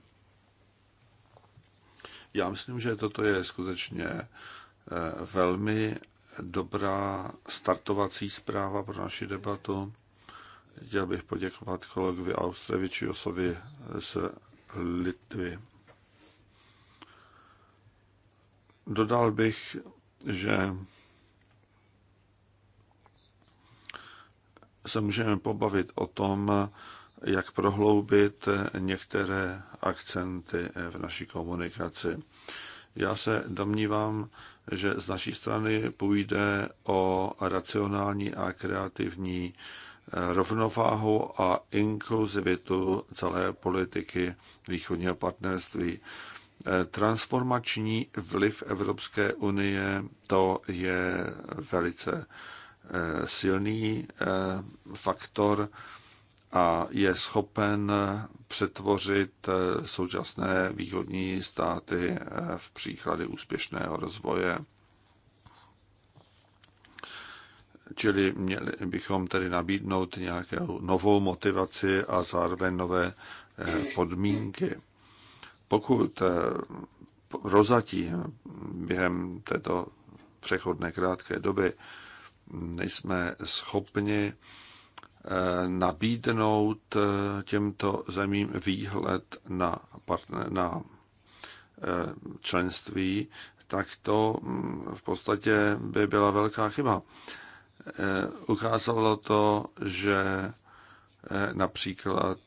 Já myslím, že toto je skutečně velmi dobrá startovací zpráva pro naši debatu. Chtěl bych poděkovat kolegovi Austrevičiosovi z Litvy. Dodal bych, že se můžeme pobavit o tom, jak prohloubit některé akcenty v naší komunikaci. Já se domnívám, že z naší strany půjde o racionální a kreativní rovnováhu a inkluzivitu celé politiky východního partnerství. Eh, transformační vliv Evropské unie to je velice eh, silný eh, faktor a je schopen přetvořit současné východní státy v příklady úspěšného rozvoje. Čili měli bychom tedy nabídnout nějakou novou motivaci a zároveň nové podmínky. Pokud eh, rozatím během této přechodné krátké doby nejsme schopni eh, nabídnout eh, těmto zemím výhled na, partner, na členství, tak to mm, v podstatě by byla velká chyba. Ukázalo to, že například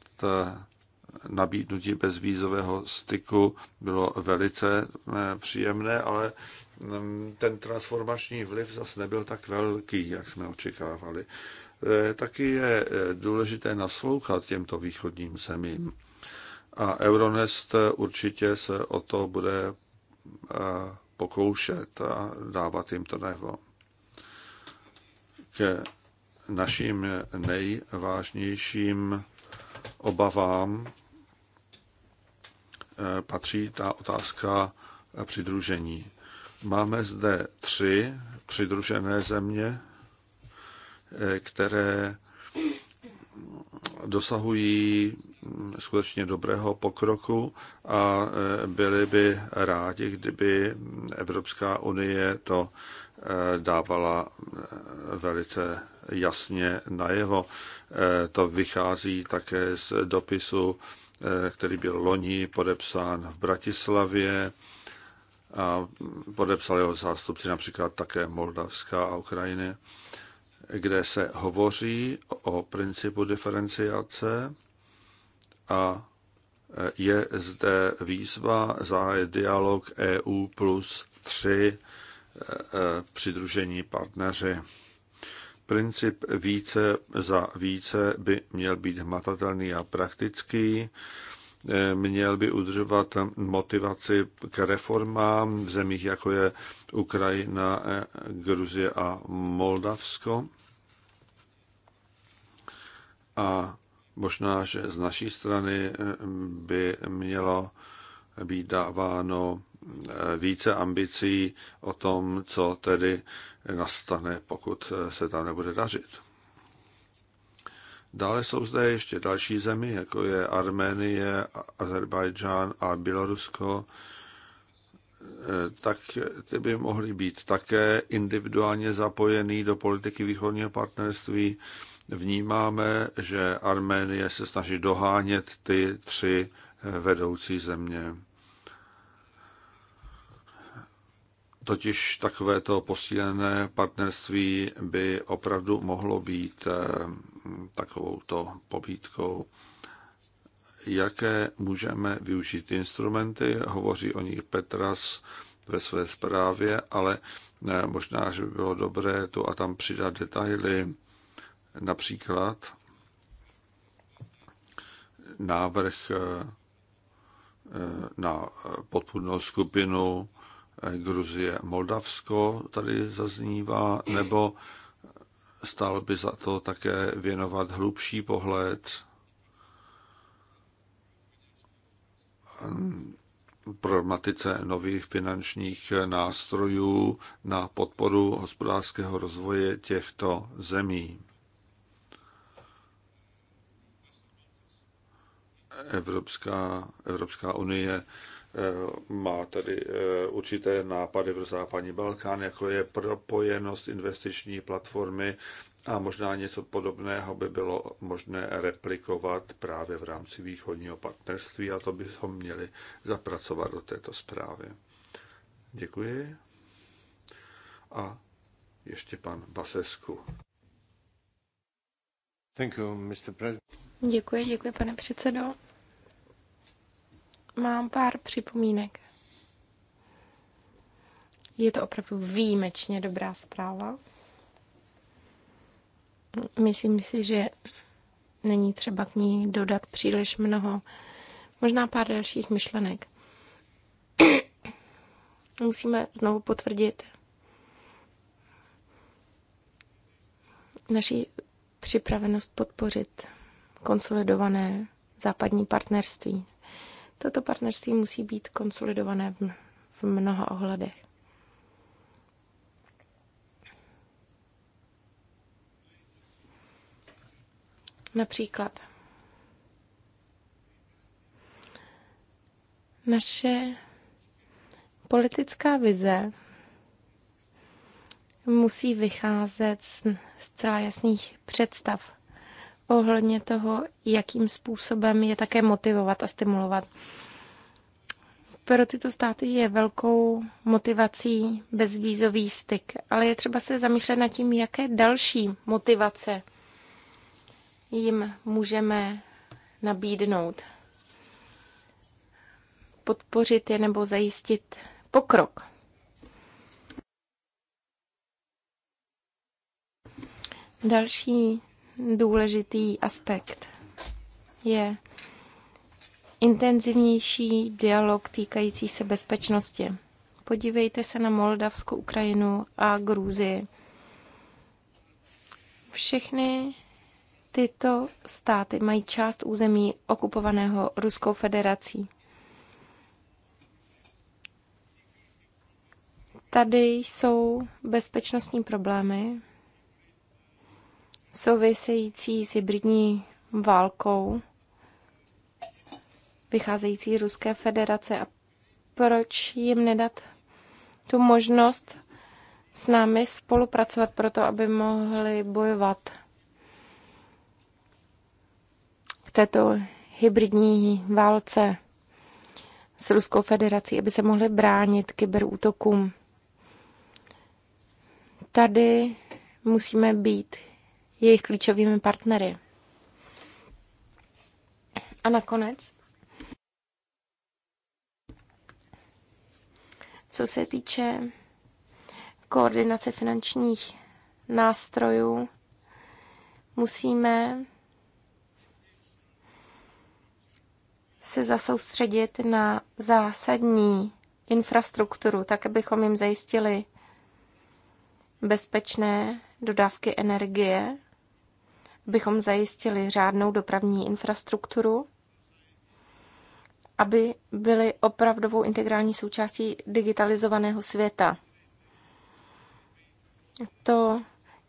nabídnutí bezvízového styku bylo velice eh, příjemné, ale mm, ten transformační vliv zase nebyl tak velký, jak jsme očekávali. Eh, taky je eh, důležité naslouchat těmto východním zemím. A Euronest určitě se o to bude pokoušet a dávat jim to nebo. K naším nejvážnějším obavám Eh, patří ta otázka přidružení. Máme zde tři přidružené země, eh, které dosahují skutečně dobrého pokroku a eh, byli by rádi, kdyby Evropská unie to dávala velice jasně najevo. To vychází také z dopisu Eh, který byl loni podepsán v Bratislavě a podepsali ho zástupci například také Moldavska a Ukrajiny, kde se hovoří o principu diferenciace a eh, je zde výzva zahájit dialog EU plus 3 eh, přidružení partneři. Princip více za více by měl být hmatatelný a praktický, měl by udržovat motivaci k reformám v zemích, jako je Ukrajina, Gruzie a Moldavsko. A možná, že z naší strany by mělo být dáváno více ambicí o tom, co tedy nastane, pokud se tam nebude dařit. Dále jsou zde ještě další zemi, jako je Arménie, Azerbajdžán a Bělorusko, tak ty by mohly být také individuálně zapojený do politiky východního partnerství. Vnímáme, že Arménie se snaží dohánět ty tři vedoucí země. Totiž takovéto posílené partnerství by opravdu mohlo být eh, takovouto pobídkou. Jaké můžeme využít instrumenty? Hovoří o nich Petras ve své zprávě, ale eh, možná, že by bylo dobré tu a tam přidat detaily. Například návrh eh, na podpůrnou skupinu Eh, Gruzie, Moldavsko tady zaznívá, nebo stálo by za to také věnovat hlubší pohled ehm, problematice nových finančních eh, nástrojů na podporu hospodářského rozvoje těchto zemí. Evropská, Evropská unie Eh, má tady eh, určité nápady pro západní Balkán, jako je propojenost investiční platformy a možná něco podobného by bylo možné replikovat právě v rámci východního partnerství a to bychom měli zapracovat do této zprávy. Děkuji. A ještě pan Basesku. Thank you, Mr. Děkuji, děkuji, pane předsedo mám pár připomínek. Je to opravdu výjimečně dobrá zpráva. Myslím si, že není třeba k ní dodat příliš mnoho, možná pár dalších myšlenek. Musíme znovu potvrdit naši připravenost podpořit konsolidované západní partnerství Toto partnerství musí být konsolidované v mnoha ohledech. Například naše politická vize musí vycházet z zcela jasných představ ohledně toho, jakým způsobem je také motivovat a stimulovat. Pro tyto státy je velkou motivací bezvízový styk, ale je třeba se zamýšlet nad tím, jaké další motivace jim můžeme nabídnout, podpořit je nebo zajistit pokrok. Další důležitý aspekt je intenzivnější dialog týkající se bezpečnosti. Podívejte se na Moldavsku, Ukrajinu a Gruzii. Všechny tyto státy mají část území okupovaného Ruskou federací. Tady jsou bezpečnostní problémy, související s hybridní válkou vycházející z Ruské federace a proč jim nedat tu možnost s námi spolupracovat pro to, aby mohli bojovat v této hybridní válce s Ruskou federací, aby se mohli bránit kyberútokům. Tady musíme být jejich klíčovými partnery. A nakonec, co se týče koordinace finančních nástrojů, musíme se zasoustředit na zásadní infrastrukturu, tak abychom jim zajistili bezpečné dodávky energie bychom zajistili řádnou dopravní infrastrukturu, aby byly opravdovou integrální součástí digitalizovaného světa. To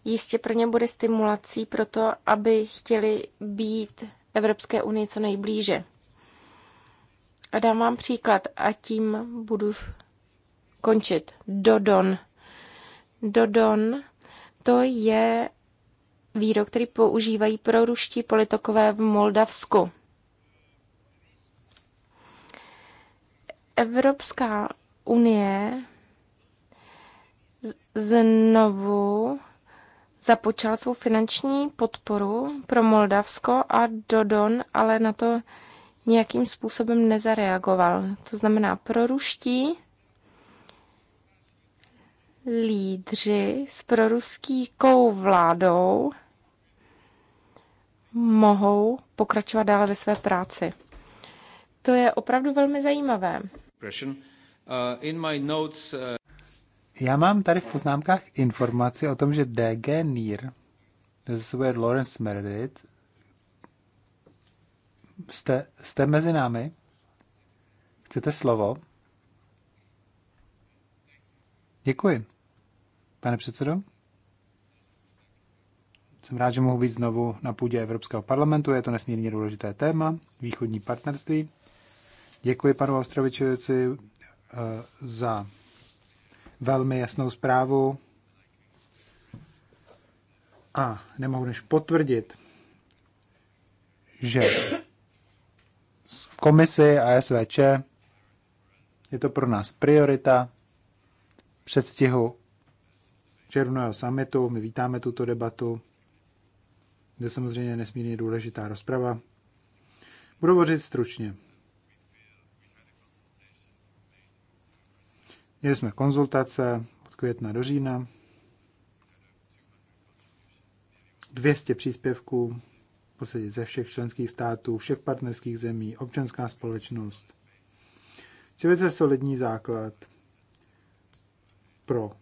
jistě pro ně bude stimulací pro to, aby chtěli být Evropské unii co nejblíže. A dám vám příklad a tím budu končit. Dodon. Dodon to je výrok, který používají pro ruští politokové v Moldavsku. Evropská unie znovu započala svou finanční podporu pro Moldavsko a Dodon, ale na to nějakým způsobem nezareagoval. To znamená, proruští lídři s proruskýkou vládou mohou pokračovat dále ve své práci. To je opravdu velmi zajímavé. Uh, uh, Já mám tady v poznámkách informaci o tom, že DG NIR, to bude Lawrence Meredith, jste, jste mezi námi? Chcete slovo? Děkuji. Pane předsedo? Jsem rád, že mohu být znovu na půdě Evropského parlamentu. Je to nesmírně důležité téma, východní partnerství. Děkuji panu Ostrovičovici eh, za velmi jasnou zprávu. A nemohu než potvrdit, že v komisi a SVČ je to pro nás priorita předstihu červného summitu. My vítáme tuto debatu je samozřejmě nesmírně důležitá rozprava. Budu hovořit stručně. Měli jsme konzultace od května do října, 200 příspěvků v podstatě ze všech členských států, všech partnerských zemí, občanská společnost. Čili je solidní základ pro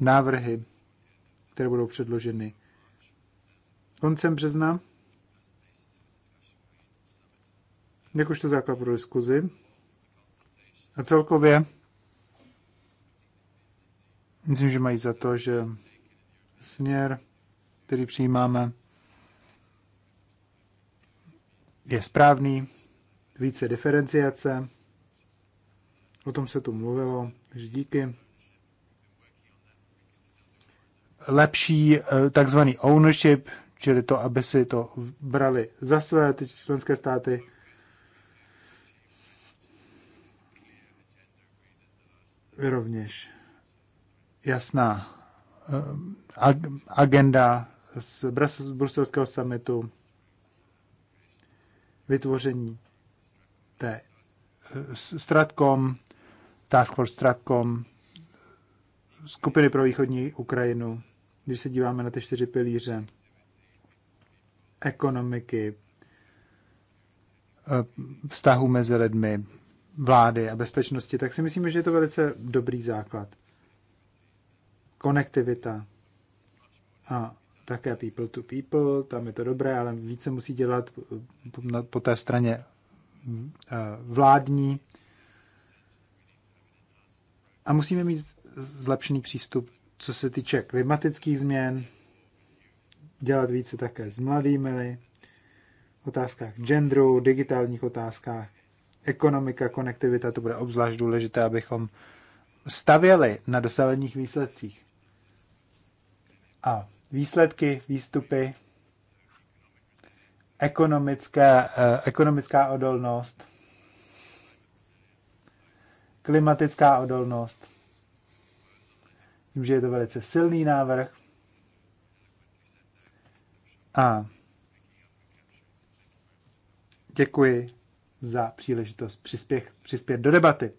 návrhy, které budou předloženy koncem března, to základ pro diskuzi. A celkově myslím, že mají za to, že směr, který přijímáme, je správný, více diferenciace, o tom se tu mluvilo, takže díky. Lepší eh, takzvaný ownership, čili to, aby si to brali za své ty členské státy. Rovněž jasná eh, agenda z bruselského summitu vytvoření té eh, stratkom, Task Force stratkom, skupiny pro východní Ukrajinu, když se díváme na ty čtyři pilíře ekonomiky, eh, vztahu mezi lidmi, vlády a bezpečnosti, tak si myslíme, že je to velice dobrý základ. Konektivita a také people to people, tam je to dobré, ale více musí dělat po té straně eh, vládní. A musíme mít zlepšený přístup, co se týče klimatických změn, dělat více také s mladými, v otázkách genderu, digitálních otázkách, ekonomika, konektivita, to bude obzvlášť důležité, abychom stavěli na dosavadních výsledcích. A výsledky, výstupy, ekonomická, eh, ekonomická odolnost, klimatická odolnost. Vím, že je to velice silný návrh, a děkuji za příležitost přispěch, přispět do debaty.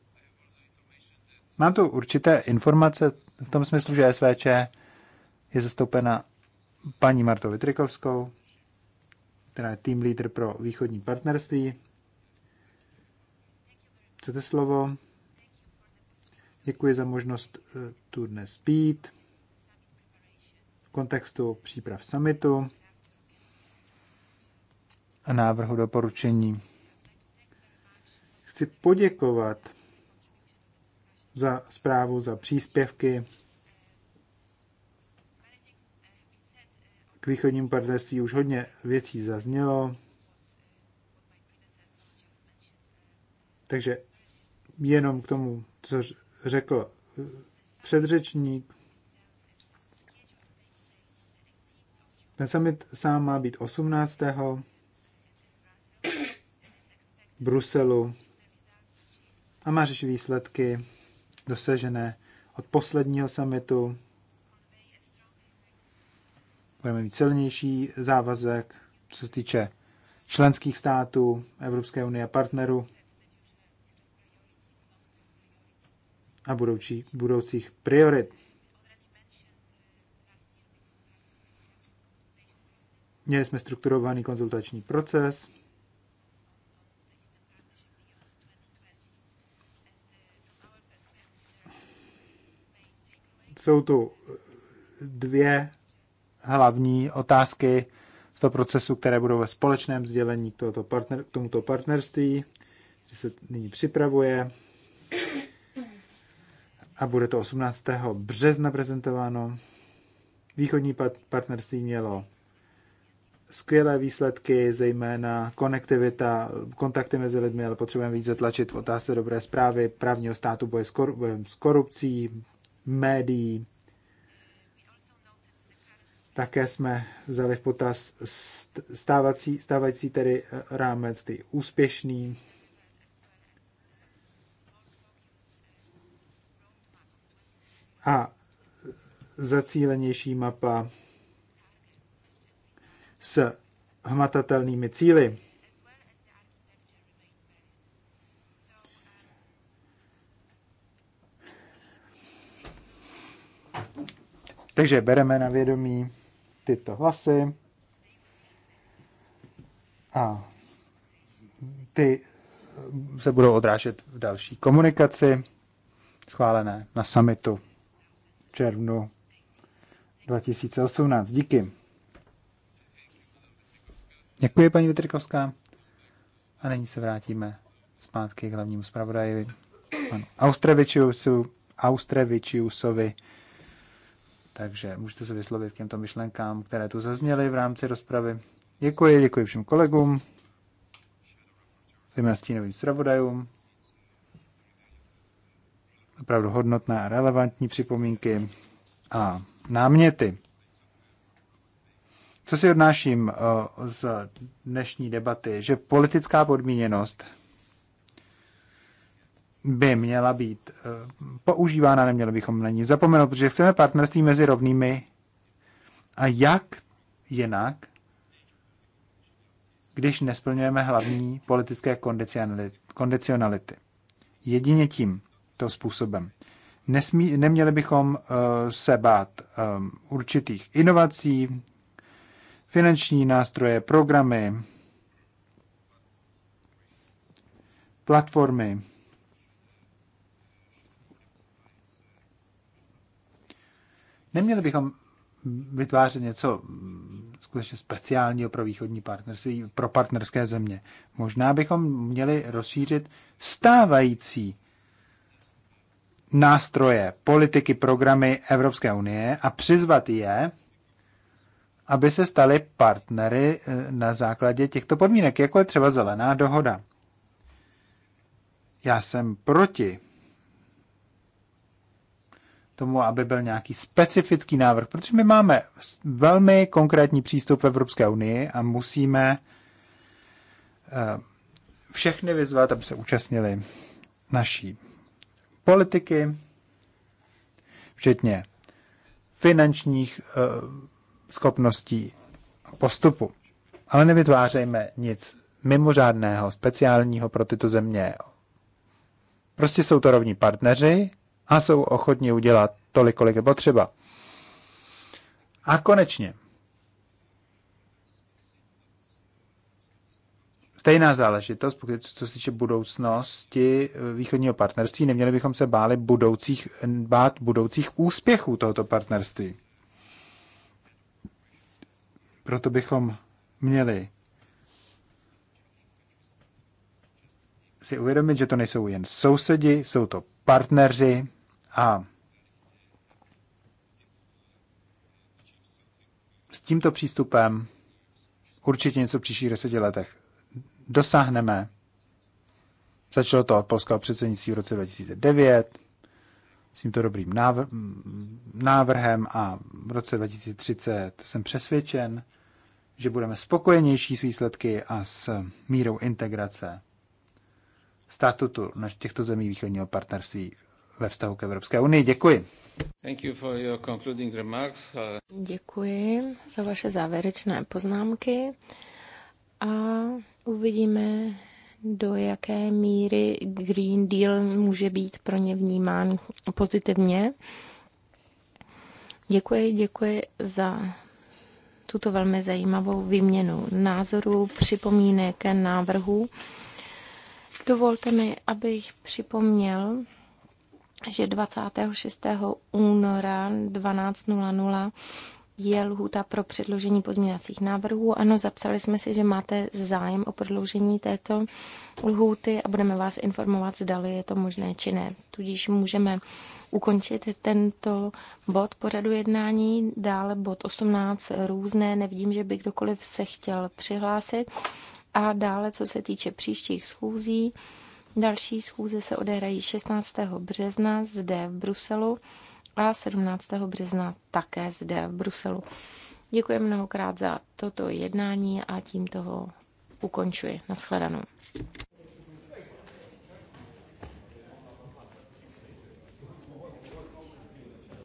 Mám tu určité informace v tom smyslu, že SVČ je zastoupena paní Martou Vitrikovskou, která je team leader pro východní partnerství. Chcete slovo? Děkuji za možnost eh, tu dnes být v kontextu příprav summitu a návrhu doporučení. Chci poděkovat za zprávu, za příspěvky k východnímu partnerství. Už hodně věcí zaznělo. Takže jenom k tomu, co řekl předřečník. Ten summit sám má být 18. Bruselu a má řešit výsledky dosažené od posledního summitu. Budeme mít silnější závazek, co se týče členských států, Evropské unie a partnerů a budoucí, budoucích priorit. Měli jsme strukturovaný konzultační proces, jsou tu dvě hlavní otázky z toho procesu, které budou ve společném sdělení k, tohoto partner, k tomuto partnerství, že se nyní připravuje a bude to 18. března prezentováno. Východní partnerství mělo skvělé výsledky, zejména konektivita, kontakty mezi lidmi, ale potřebujeme více tlačit v otázce dobré zprávy, právního státu, boje s korupcí, médií. Také jsme vzali v potaz stávací, stávající tedy eh, rámec, ty úspěšný. A zacílenější mapa s hmatatelnými cíly. Takže bereme na vědomí tyto hlasy a ty se budou odrážet v další komunikaci schválené na summitu v červnu 2018. Díky. Děkuji, paní Vitrikovská. A nyní se vrátíme zpátky k hlavnímu zpravodaji, panu Austrevičiusu, Austrevičiusovi. Takže můžete se vyslovit k těmto myšlenkám, které tu zazněly v rámci rozpravy. Děkuji, děkuji všem kolegům, zejména stínovým zpravodajům. Opravdu hodnotné a relevantní připomínky a náměty. Co si odnáším eh, z dnešní debaty, že politická podmíněnost by měla být eh, používána, neměli bychom na ní zapomenout, protože chceme partnerství mezi rovnými. A jak jinak, když nesplňujeme hlavní politické kondicionality? Jedině tím, to způsobem. Nesmí, neměli bychom eh, se bát eh, určitých inovací, finanční nástroje, programy, platformy, Neměli bychom vytvářet něco skutečně speciálního pro východní partnerství, pro partnerské země. Možná bychom měli rozšířit stávající nástroje, politiky, programy Evropské unie a přizvat je, aby se stali partnery eh, na základě těchto podmínek, jako je třeba zelená dohoda. Já jsem proti tomu, aby byl nějaký specifický návrh, protože my máme velmi konkrétní přístup v Evropské unii a musíme eh, všechny vyzvat, aby se účastnili naší politiky, včetně finančních eh, schopností a postupu. Ale nevytvářejme nic mimořádného, speciálního pro tyto země. Prostě jsou to rovní partneři, a jsou ochotni udělat tolik, kolik je potřeba. A konečně, stejná záležitost, pokud co se týče budoucnosti eh, východního partnerství, neměli bychom se báli budoucích, bát budoucích úspěchů tohoto partnerství. Proto bychom měli si uvědomit, že to nejsou jen sousedi, jsou to partneři, a s tímto přístupem určitě něco příští příštích deseti letech dosáhneme. Začalo to od polského předsednictví v roce 2009 s tímto dobrým návrhem a v roce 2030 jsem přesvědčen, že budeme spokojenější s výsledky a s mírou integrace statutu na těchto zemí východního partnerství ve vztahu k Evropské unii. Děkuji. Thank you for your concluding remarks. Děkuji za vaše závěrečné poznámky a uvidíme, do jaké míry Green Deal může být pro ně vnímán pozitivně. Děkuji, děkuji za tuto velmi zajímavou výměnu názorů, připomínek, návrhů. Dovolte mi, abych připomněl, že 26. února 12.00 je lhůta pro předložení pozměňovacích návrhů. Ano, zapsali jsme si, že máte zájem o prodloužení této lhůty a budeme vás informovat, zdali je to možné či ne. Tudíž můžeme ukončit tento bod pořadu jednání. Dále bod 18 různé. Nevidím, že by kdokoliv se chtěl přihlásit. A dále, co se týče příštích schůzí, Další schůze se odehrají 16. března zde v Bruselu a 17. března také zde v Bruselu. Děkuji mnohokrát za toto jednání a tím toho ukončuji. Naschledanou.